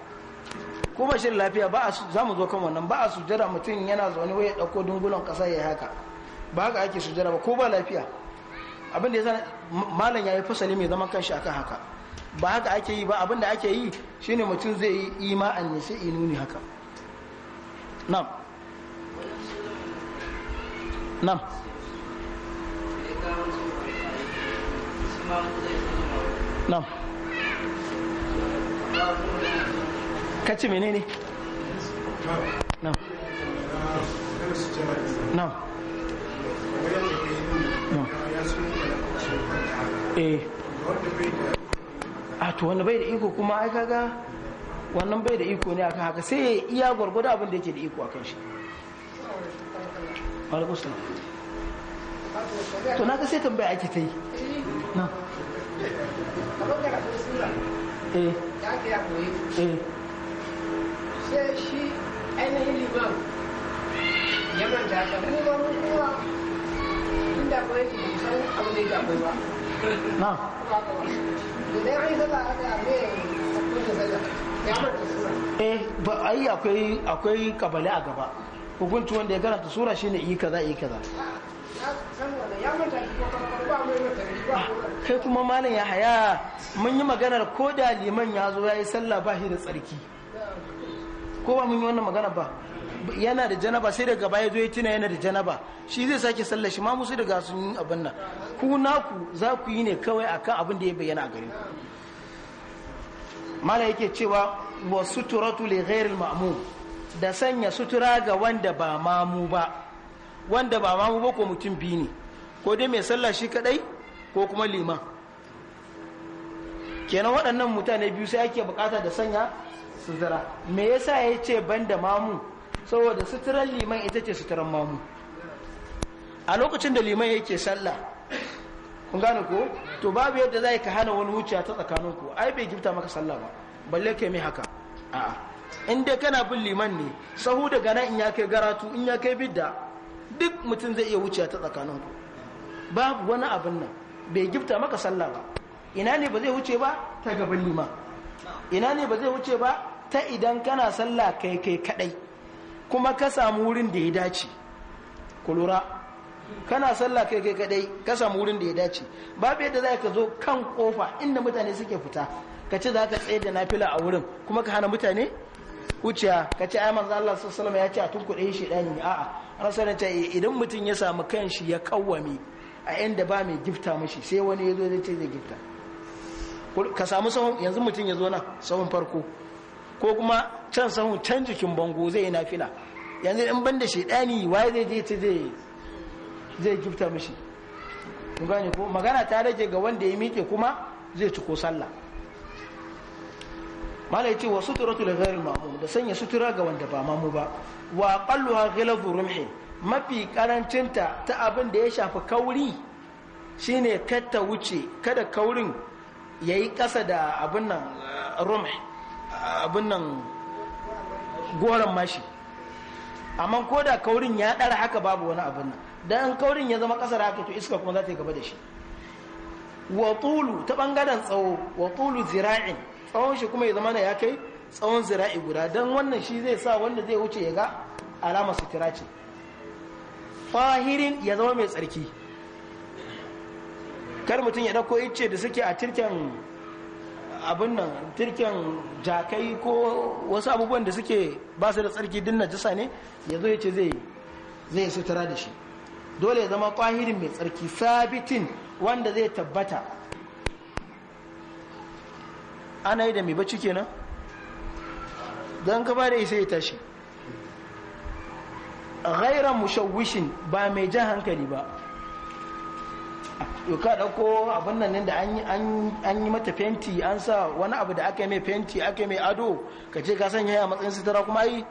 ko ba shirin lafiya ba za mu zo kan wannan ba a sujada mutum yana zaune wai ya ɗauko dungulon ƙasa ya haka ba haka ake sujada ba ko ba lafiya abin da ya zana malam ya yi fasali mai zaman kan akan haka ba haka ake yi ba abin da ake yi shine mutum zai yi ima'an ne sai inuni haka nam nam nam ka ce menene no no eh a ah, to wanda bai da iko kuma ai kaga wannan bai da iko ne aka haka sai ya iya gwargwado abin da yake da iko akan shi to na ga sai tambaya ake ta yi na eh eh sai shi ainihin liman ya manta ta mu ma mun kowa inda kuma yake bai san abin da ya kai ba na idan an zaba aka mai sabbin da zaba ya manta sura eh ba ai akwai akwai kabale a gaba hukunci wanda ya karanta sura shine yi kaza yi kaza ah, kai kuma malam ya haya mun yi maganar ko da liman ya zo ya yi sallah ba shi da tsarki ko ba mun yi wannan magana ba yana da janaba sai daga baya zo ya tuna yana da janaba shi zai sake sallah shi ma musu daga sun yi abin nan ku naku za ku yi ne kawai akan abin da ya bayyana a gare ku mala yake cewa wa suturatu li ghairil ma'mum da sanya sutura ga wanda ba mamu ba wanda ba mamu ba ko mutum biyu ne ko dai mai sallah shi kadai ko kuma liman kenan waɗannan mutane biyu sai ake bukata da sanya sutura me yasa ya ce ban da mamu saboda suturan liman ita ce suturan mamu a lokacin da liman yake sallah kun gane ko to babu yadda za ka hana wani wuciya ta tsakanin ku ai bai gifta maka sallah ba balle kai mai haka a'a in dai kana bin liman ne sahu daga nan in ya kai garatu in ya kai bidda duk mutum zai iya wuciya ta tsakanin ku babu wani abin nan bai gifta maka sallah ba ina ne ba zai wuce ba ta gaban liman ina ne ba zai wuce ba ta idan kana sallah kai kai kadai kuma ka samu wurin da ya dace ku lura kana sallah kai kai kadai ka samu wurin da ya dace babu yadda za ka zo kan kofa inda mutane suke fita ka ce za ka tsaye da nafila a wurin kuma ka hana mutane wuciya ka ce ayyaman manzo Allah sallallahu ya ce a tunkuɗe shi dan a'a rasulun ce idan mutum ya samu kanshi ya kawwame a inda ba mai gifta mashi sai wani ya zo zai ce zai gifta ka samu sahun yanzu mutum ya zo na sahun farko ko kuma can sahun can jikin bango zai yi nafila yanzu in banda shaidani waye zai je ta zai zai gifta mishi kun gane ko magana ta rage ga wanda ya miƙe kuma zai ci ko sallah malai ce wa suturatu da ghairil mamu da sanya sutura ga wanda ba mamu ba wa qalluha ghilazu rumhin mafi karancinta ta abin da ya shafi kauri shine kata wuce kada kaurin ya yi ƙasa da abin nan rumhi abin nan goron mashi amma ko da kaurin ya ɗara haka babu wani abin nan dan kaurin ya zama ƙasar haka to iska kuma za ta yi gaba da shi wa tulu ta ɓangaren tsawo wa tulu zira'in tsawon shi kuma ya zama ya kai tsawon zira'i guda don wannan shi zai sa wanda zai wuce ya ga alama sutura ce fahirin ya zama mai tsarki kar mutum ya ɗauko ice da suke a tirken abin nan turken jakai ko wasu abubuwan da suke ba su da tsarki din najasa ne ya zo ya ce zai zai sutura da shi dole ya zama kwahirin mai tsarki sabitin wanda zai tabbata ana yi da mai bacci kenan don ka ba da isa ya tashi ghairan mushawishin ba mai jan hankali ba doka ka ɗauko abin nan da an yi mata fenti an sa wani abu da aka yi mai fenti aka yi mai ado ka ce ka sanya a matsayin sitara kuma yi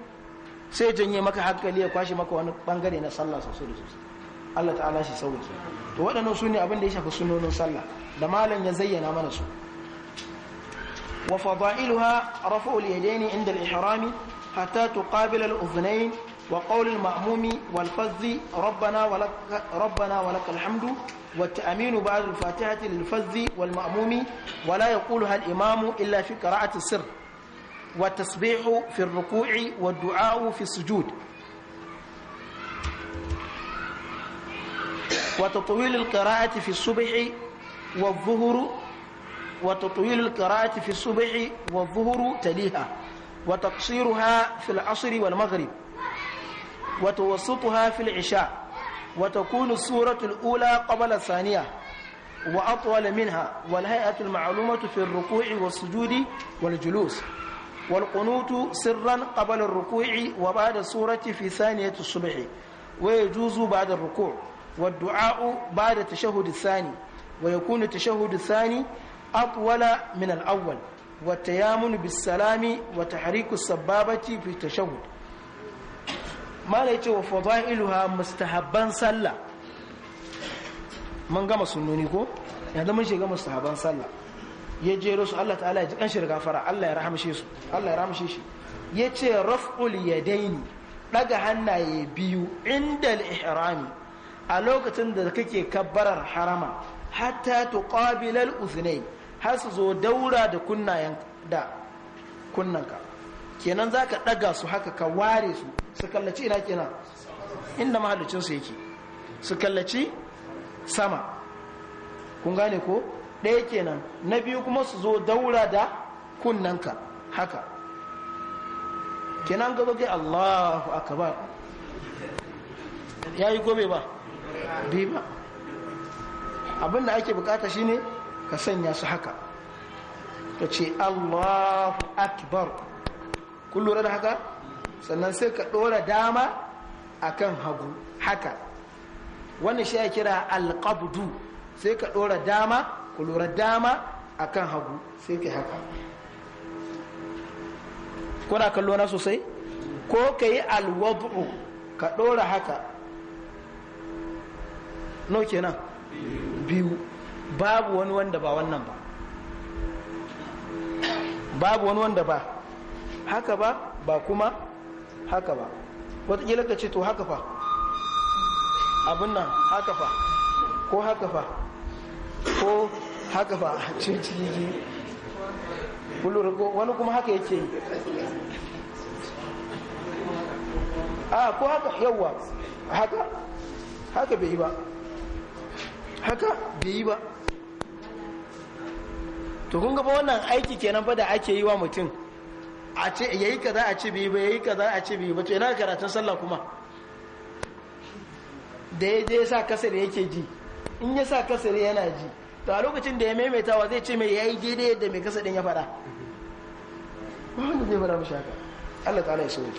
sai janye maka hankali ya kwashe maka wani bangare na sallah sosai da sosai Allah ta'ala shi sauki to waɗannan su ne abin da ya shafi sunonin sallah da malam ya zayyana mana su wa fadailuha rafa'u al-yadaini inda al-ihrami hatta tuqabila al-udhnayn wa qawl al-ma'mumi wal fazzi rabbana wa rabbana wa lakal hamdu والتأمين بعد الفاتحة للفذ والمأموم ولا يقولها الإمام إلا في قراءة السر والتسبيح في الركوع والدعاء في السجود وتطويل القراءة في الصبح والظهر وتطويل القراءة في الصبح والظهر تليها وتقصيرها في العصر والمغرب وتوسطها في العشاء وتكون السورة الأولى قبل الثانية وأطول منها والهيئة المعلومة في الركوع والسجود والجلوس والقنوت سرا قبل الركوع وبعد السورة في ثانية الصبح ويجوز بعد الركوع والدعاء بعد التشهد الثاني ويكون التشهد الثاني أطول من الأول والتيامن بالسلام وتحريك السبابة في التشهد mala yace wa fadailuha mustahabban sallah mun gama sunnoni ko yanzu mun shiga mustahabban sallah ya jero su Allah ta'ala ya ji kanshi fara, Allah ya rahamshe su Allah ya rahamshe shi yace raf'ul yadaini daga hannaye biyu inda al-ihrami a lokacin da kake kabbarar harama hatta tuqabilal uznayn har su zo daura da kunnayen da kunnanka kenan za ka ɗaga su haka ka ware su su kallaci ina kenan inda mahallucinsu yake su kallaci sama kun gane ko ɗaya kenan na biyu kuma su zo daura da kunnanka haka kenan gaba ga allahu akbar ya yi gobe ba bi ba abin da ake bukata shine ka sanya su haka ka ce allahu akbar kun lura da haka sannan sai ka ɗora dama akan hagu haka wani shi ya kira alƙabdu sai ka ɗora dama ku lura dama akan hagu sai ka haka kuna kallo na sosai ko ka yi alwabu ka ɗora haka no kenan biyu babu wani wanda ba wannan ba babu wani wanda ba haka ba ba kuma haka ba wataƙila ka ce to haka fa abin nan haka fa ko haka fa ko haka fa ce ciki wani kuma haka yake yi a ah, ko haka yawwa haka haka bai yi ba haka bai yi ba to kun gaba wannan aiki kenan fa da ake yi wa mutum a ce yayi kaza a ce bai ba yayi kaza a ce bai ba to ina karatun sallah kuma da ya je sa kasar yake ji in ya sa kasar yana ji to a lokacin da ya maimaitawa zai ce mai yayi daidai yadda mai kasar din ya faɗa wanda zai mishi haka Allah ta'ala ya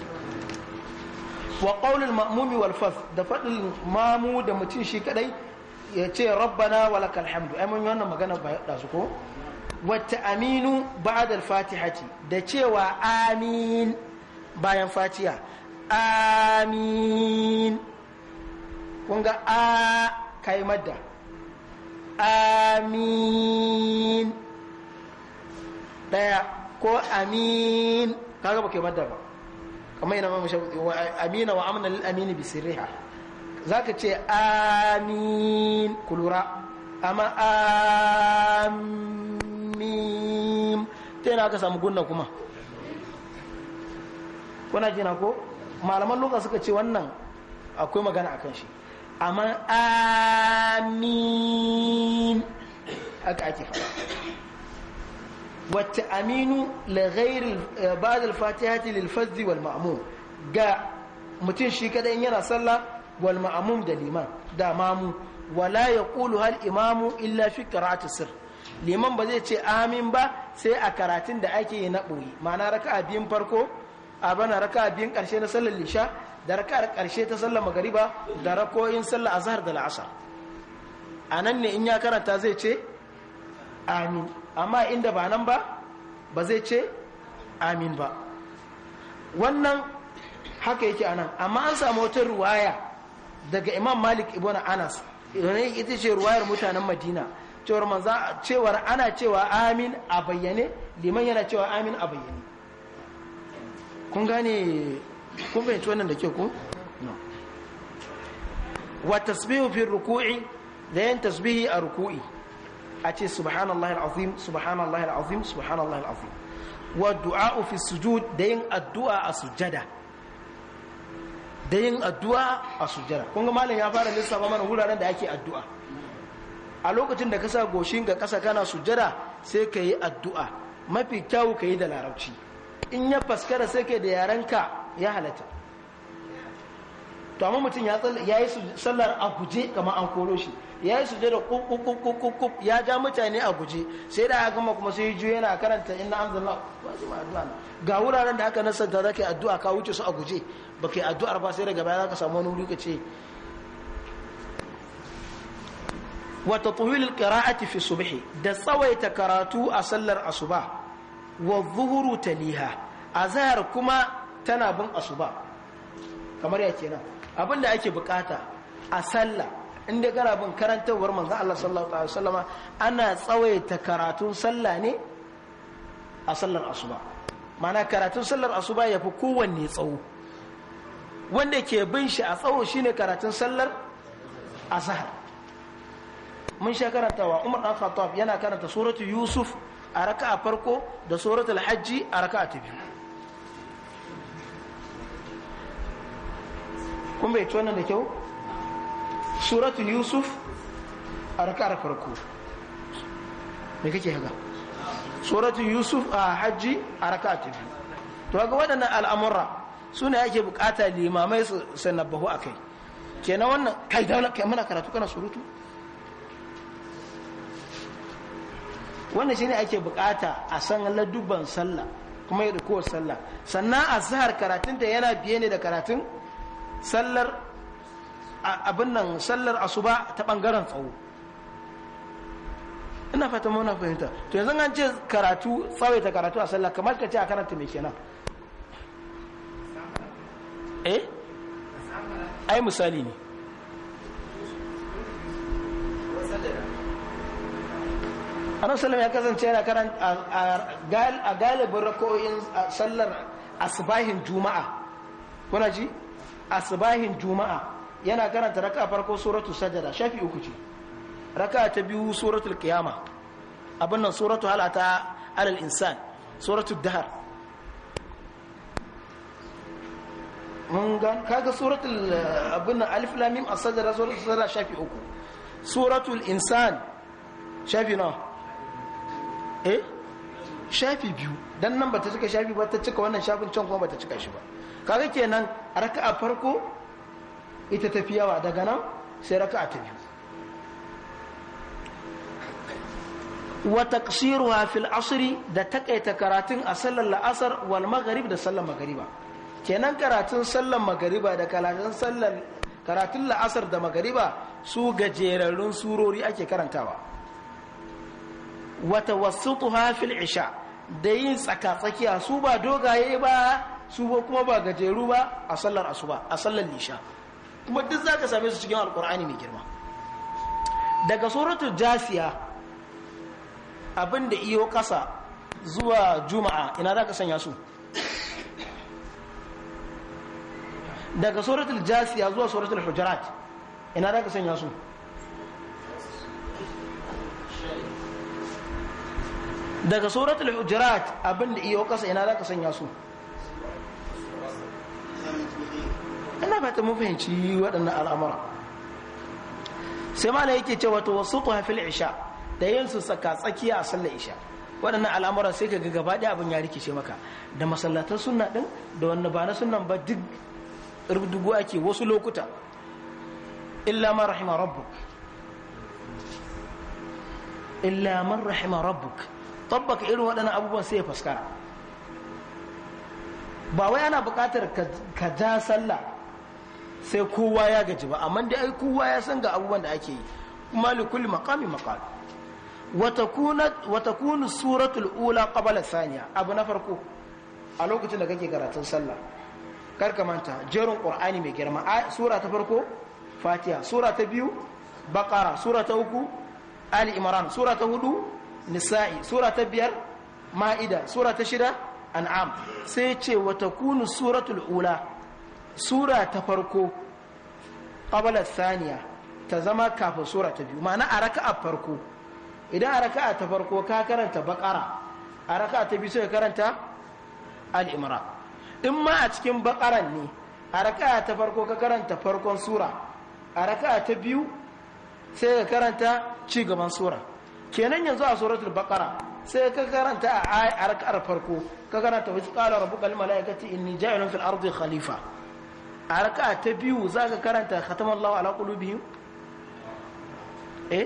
wa qaulul ma'mumi wal fas da faɗin mamu da mutum shi kadai ya ce rabbana walakal hamdu ai mun yi wannan magana ba ya ko wata aminu ba'adar fatihati da cewa amin bayan fatiha amin kunga a kai madda amin daya ko amin kaga ba kai madda ba kamar yana mamu amina wa amina lil amini bi sirriha zaka ce amin kulura amma amin. ta yana aka samu gunna kuma kuna jina ko malaman luka suka ce wannan akwai magana a kan shi amma amin haka ake faɗa wacce aminu la ghairi eh, ba'd al-fatihati lil wal ma'amun ga mutum shi kadai yana sallah wal ma'amun da liman da mamu wala ya ƙulu hal imamu illa fi karatu sir liman ba zai ce amin ba sai a karatun da ake yi na ɓoye ma'ana a biyun farko a bana a biyun ƙarshe na sallar lisha da a ƙarshe ta sallar magariba da rakoyin sallar azhar da la'asar a nan ne in ya karanta zai ce amin amma inda ba nan ba ba zai ce amin ba wannan haka yake a nan amma an samu wata ruwaya daga imam malik ibn anas wannan ita ce ruwayar mutanen madina cewar manza cewar ana cewa amin a bayyane liman yana cewa amin a bayyane kun gane kun fahimci wannan da ke ku wa tasbihu fi ruku'i da yin tasbihi a ruku'i a ce subhanallahi al'azim subhanallahi al'azim subhanallahi al'azim wa du'a fi sujud da yin addu'a a sujada da yin addu'a a sujjada kun ga malam ya fara lissafa mana wuraren da ake addu'a a lokacin da ka sa goshin ga kasa kana sujjada sai ka yi addu'a mafi kyawu ka yi da larabci in ya faskara sai ka da yarenka ya halatta to amma mutum ya yi sallar a guje kamar an koro shi ya yi sujjada kukukukukuk ya ja mutane a guje sai da aka gama kuma sai yi juya yana karanta inna anzalna ga wuraren da aka nasanta zaka yi addu'a ka wuce su a guje ba yi addu'ar ba sai daga baya za ka samu wani wuri ka ce wa tatwil fi subhi da tsawaita karatu a sallar asuba wa zuhuru taliha azhar kuma tana bin asuba kamar ya kenan abinda ake bukata a sallah inda kana bin karantawar manzo Allah sallallahu alaihi wasallama ana tsawaita karatun sallah ne a sallar asuba ma'ana karatun sallar asuba yafi kowanne tsawo wanda ke bin shi a tsawo shine karatun sallar azhar mun sha karantawa umar dan khattab yana karanta suratu yusuf a raka'a farko da suratul hajji a raka'a ta biyu kun bai wannan da kyau suratul yusuf a raka'ar farko me kake haka suratul yusuf a hajji a raka'a ta biyu to ga waɗannan al'amura su ne ake bukata limamai su sanabahu a kai kenan wannan kai daula kai muna karatu kana surutu wannan shine ake bukata a san ladubban sallah kuma ya rikowar sallah sannan a karatun karatunta yana biye ne da karatun sallar abin nan sallar asuba ta bangaren tsawo ina fata mauna fahimta to yanzu an ce karatu tsawaita karatu a sallah kamar ka ce a karanta mai kenan eh ai misali ne annabi sallam ya kasance yana karan a galibin rako'in sallar asibahin juma'a kuna ji asibahin juma'a yana karanta raka farko suratu sajada shafi uku ce raka ta biyu suratul kiyama abin nan suratul halata alal insan suratul dahar mun gan kaga suratul eh, abin alif lam mim as-sajda suratul sajda shafi uku suratul insan shafi nawa eh shafi biyu dan nan bata cika shafi ba ta cika wannan shafin can kuma bata cika shi ba kaga kenan raka'a farko ita tafi yawa daga nan sai raka'a ta biyu wa taqsiruha fil asri da takaita karatun a sallar la'asar wal maghrib da sallar magariba. kenan karatun sallan magariba da karatun sallan karatun la'asar da magariba su gajerarrun surori ake karantawa wata wasu fil isha da yin tsaka-tsakiya su ba dogaye ba su ba kuma ba gajeru ba a sallar asuba a sallar nisha kuma duk za ka same su cikin alkur'ani mai girma daga suratu jasiya abin da iyo kasa zuwa juma'a ina za ka sanya su daga suratul jasiya zuwa suratul hujurat ina da ka sanya su daga suratul hujurat abinda iyo kasa ina da ka sanya su ina ba mun fahimci waɗannan al'amura sai mana yake cewa to wasu fil isha da yin su saka tsakiya a sallar isha waɗannan al'amura sai ka ga gaba ɗaya abin ya rikice maka da masallatan sunna ɗin da wannan ba na sunan ba duk rubutu ake wasu lokuta illa man rahima rabbuk illa man rahima rabbuk tabbaka irin waɗannan abubuwan sai ya faskara ba wai ana buƙatar ka ja sallah sai kowa ya gaji ba amma dai ai kowa ya san ga abubuwan da ake yi kuma kulli maqami maqal wa takunu suratul ula qabla saniya abu na farko a lokacin da kake karatun sallah ka manta jerin ƙur'ani mai girma sura ta farko fatiha sura ta biyu Baƙara sura ta uku ali imran sura ta hudu nisa'i sura ta biyar ma'ida sura ta shida an'am sai ce wa kunu suratul ula sura ta farko qabla Saniya ta zama kafin sura ta biyu ma'ana a raka'a farko idan a raka'a ta farko ka karanta baqara a raka'a ta biyu sai ka karanta al-imran in ma a cikin bakaran ne a raka'a ta farko ka karanta farkon sura a raka'a ta biyu sai ka karanta ci gaban sura kenan yanzu a suratul baqara sai ka karanta a raka'ar farko ka karanta wasu qala rabbuka lil malaikati inni ja'ilun fil ardi khalifa a raka'a ta biyu za ka karanta khatamallahu ala qulubihim eh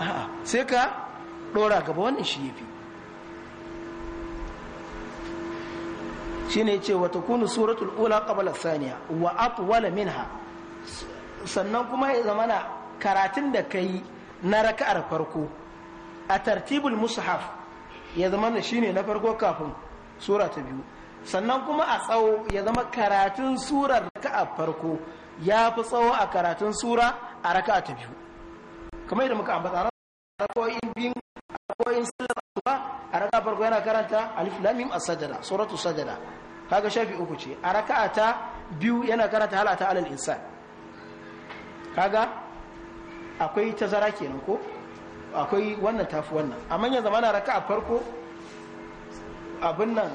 a'a sai ka dora gaba wannan shi yafi shine ce wa takunu suratul ula qabla thaniya wa atwala minha sannan kuma ya zamana karatun da kai na raka'ar farko a tartibul mushaf ya zama shine na farko kafin sura ta biyu sannan kuma a tsawo ya zama karatun surar raka'a farko ya fi tsawo a karatun sura a raka'a ta biyu kamar yadda muka ambata rakoyin biyun bin sallar asuba a raka'a farko yana karanta alif lam mim as-sajda suratu sajda kaga shafi uku ce a raka'a ta biyu yana karanta halata alal insan kaga akwai tazara kenan ko akwai wannan tafi wannan zama na raka raka'a farko abin nan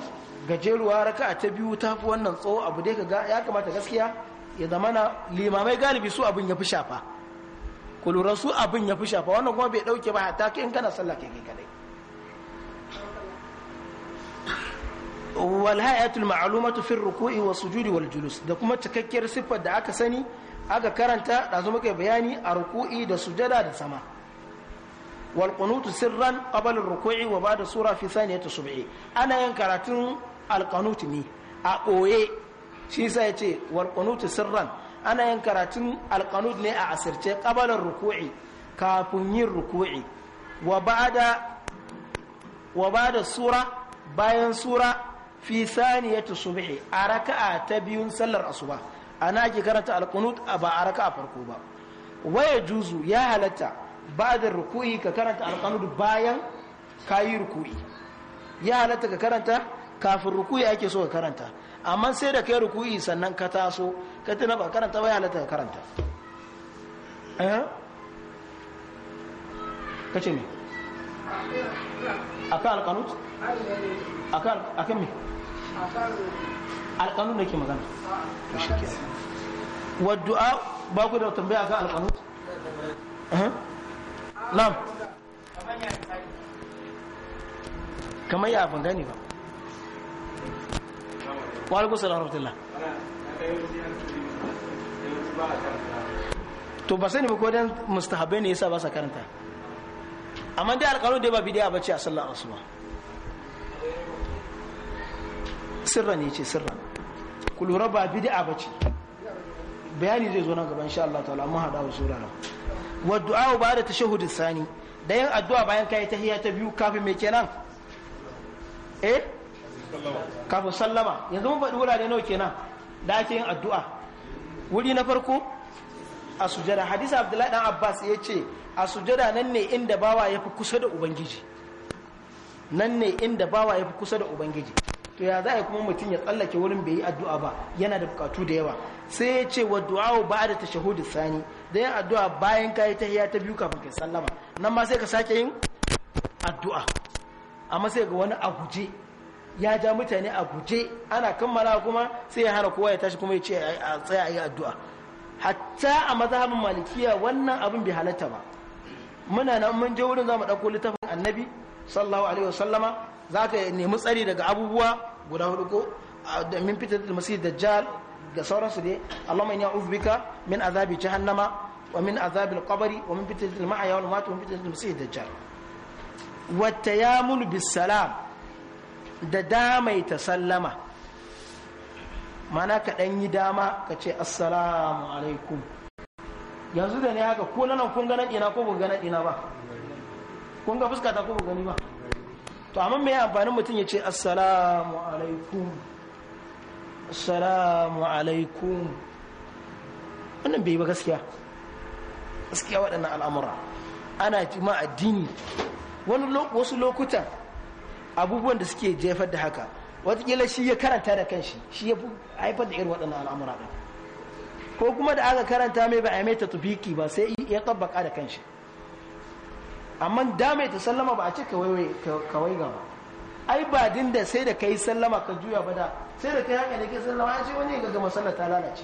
gajeruwa raka'a ta biyu tafi wannan tsawo abu dai ga ya kamata gaskiya ya zamana limamai galibi su abin ya fi shafa ku su abin ya fi shafa wannan kuma bai dauke ba hatta in kana sallah kai kadai wal ma'lumatu fi ruku'i wa sujudi wal julus da kuma cikakkiyar siffar da aka sani aka karanta da bayani a ruku'i da sujada da sama wal qunutu sirran qabla ruku'i wa ba'da sura fi thaniyati sub'i ana yin karatun al ne a boye shi yasa yace wal qunutu sirran ana yin karatun al ne a asirce qabla ruku'i kafin yin ruku'i wa ba'da wa ba'da sura bayan sura fi saniyatu subhi a raka'a ta biyun sallar asuba ana ake karanta alqunut ba a raka'a farko ba waya juzu ya halatta ba'da ruku'i ka karanta alqunut bayan kayi ruku'i ya halatta ka karanta kafin ruku'i ake so ka karanta amma sai da kai ruku'i sannan ka taso ka tuna ba karanta ba ya halatta ka karanta eh? ka ce ne akan alqunut a kan me alƙanun da ke magana to shi ke wa du'a ba ku da tambaya akan alƙanun na'am kamar ya ban gane ba wa alaikum salam rahmatullah to ba sani ba ko dan mustahabai ne yasa ba sa karanta amma dai alƙalun dai ba bidiya bace a sallar asuba sirra ne ce sirra ku lura ba bid'a ba ce bayani zai zo nan gaba insha Allah ta'ala mun hada wa sura nan wa du'a ba da tashahhud sani da yin addu'a bayan kai tahiyya ta biyu kafin me kenan eh kafin sallama yanzu mun faɗi wurare nawa kenan da ake yin addu'a wuri na farko a sujada hadisi abdullahi dan abbas ya ce a sujada nan ne inda bawa ya fi kusa da ubangiji nan ne inda bawa ya fi kusa da ubangiji to ya za a kuma mutum ya tsallake wurin bai yi addu'a ba yana da bukatu da yawa sai ya ce wa du'a ba da tashahudu sani da yin addu'a bayan ka yi tahiya ta biyu kafin ka sallama nan ma sai ka sake yin addu'a amma sai ga wani a guje ya ja mutane a guje ana kammala kuma sai ya hana kowa ya tashi kuma ya ce a tsaya a yi addu'a hatta a mazhabin malikiya wannan abin bai halatta ba muna nan mun je wurin za mu ɗauko littafin annabi sallallahu alaihi wasallama za ka nemi tsari daga abubuwa guda hudu ko domin fitar da masu dajjal da sauransu ne allahumma inni a'udhu bika min azabi jahannama wa min azabi al-qabri wa min fitnati al-mahya wal mamat wa min fitnati al-masih ad-dajjal wa tayamul bis salam da damai ta sallama mana ka dan yi dama ka ce assalamu alaikum yanzu da ne haka ko nan kun ga ina ko ba ga ina ba kun ga fuskata ko ba gani ba to amma mai amfanin mutum ya ce assalamu alaikum assalamu alaikum wannan bai yi ba gaskiya gaskiya waɗannan al'amura ana jima addini wani wasu lokuta abubuwan da suke jefar da haka watakila shi ya karanta da kanshi shi ya haifar da irin waɗannan al'amura ko kuma da aka karanta mai ba a mai ta tufiki ba sai ya tabbaka da kanshi amma dame ta sallama ba a ce kawai ga ba ai ba din da sai da kai sallama ka juya ba da sai da kai haka da ke sallama ya ce wani ga gama sallar ta lalace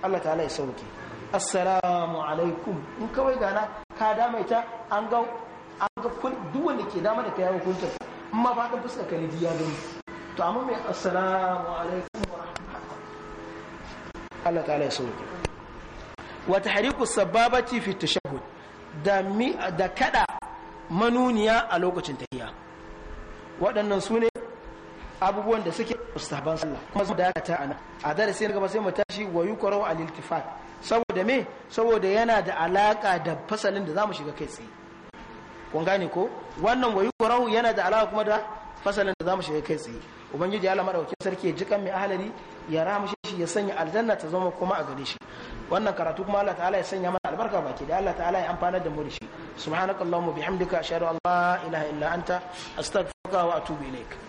Allah ta lai sauke assalamu alaikum in kawai gana ka dame ta an ga an ga duk wanda ke dama da kai hukuncin amma ba ka fuska ka ya gani to amma mai assalamu alaikum wa Allah ta ya sauke wa tahriku sababati fi tashahhud da kada manuniya a lokacin tahiya waɗannan su ne abubuwan da suke mustahaban sallah kuma zuwa dakata a nan a darasi na gaba sai mu tashi wa kwarau a iltifat saboda me saboda yana da alaka da fasalin da za mu shiga kai tsaye kun gane ko wannan wa yuqra'u yana da alaka kuma da fasalin da mu shiga kai tsaye ubangiji lamar madaukakin sarki ya jikan mai ahalari ya rahama shi ya sanya aljanna ta zama kuma a gare shi wannan karatu kuma Allah ta'ala ya sanya mana albarka baki da Allah ta'ala ya amfanar da mu da shi subhanakallahumma bihamdika ashhadu an la ilaha illa anta astaghfiruka wa atubu ilaik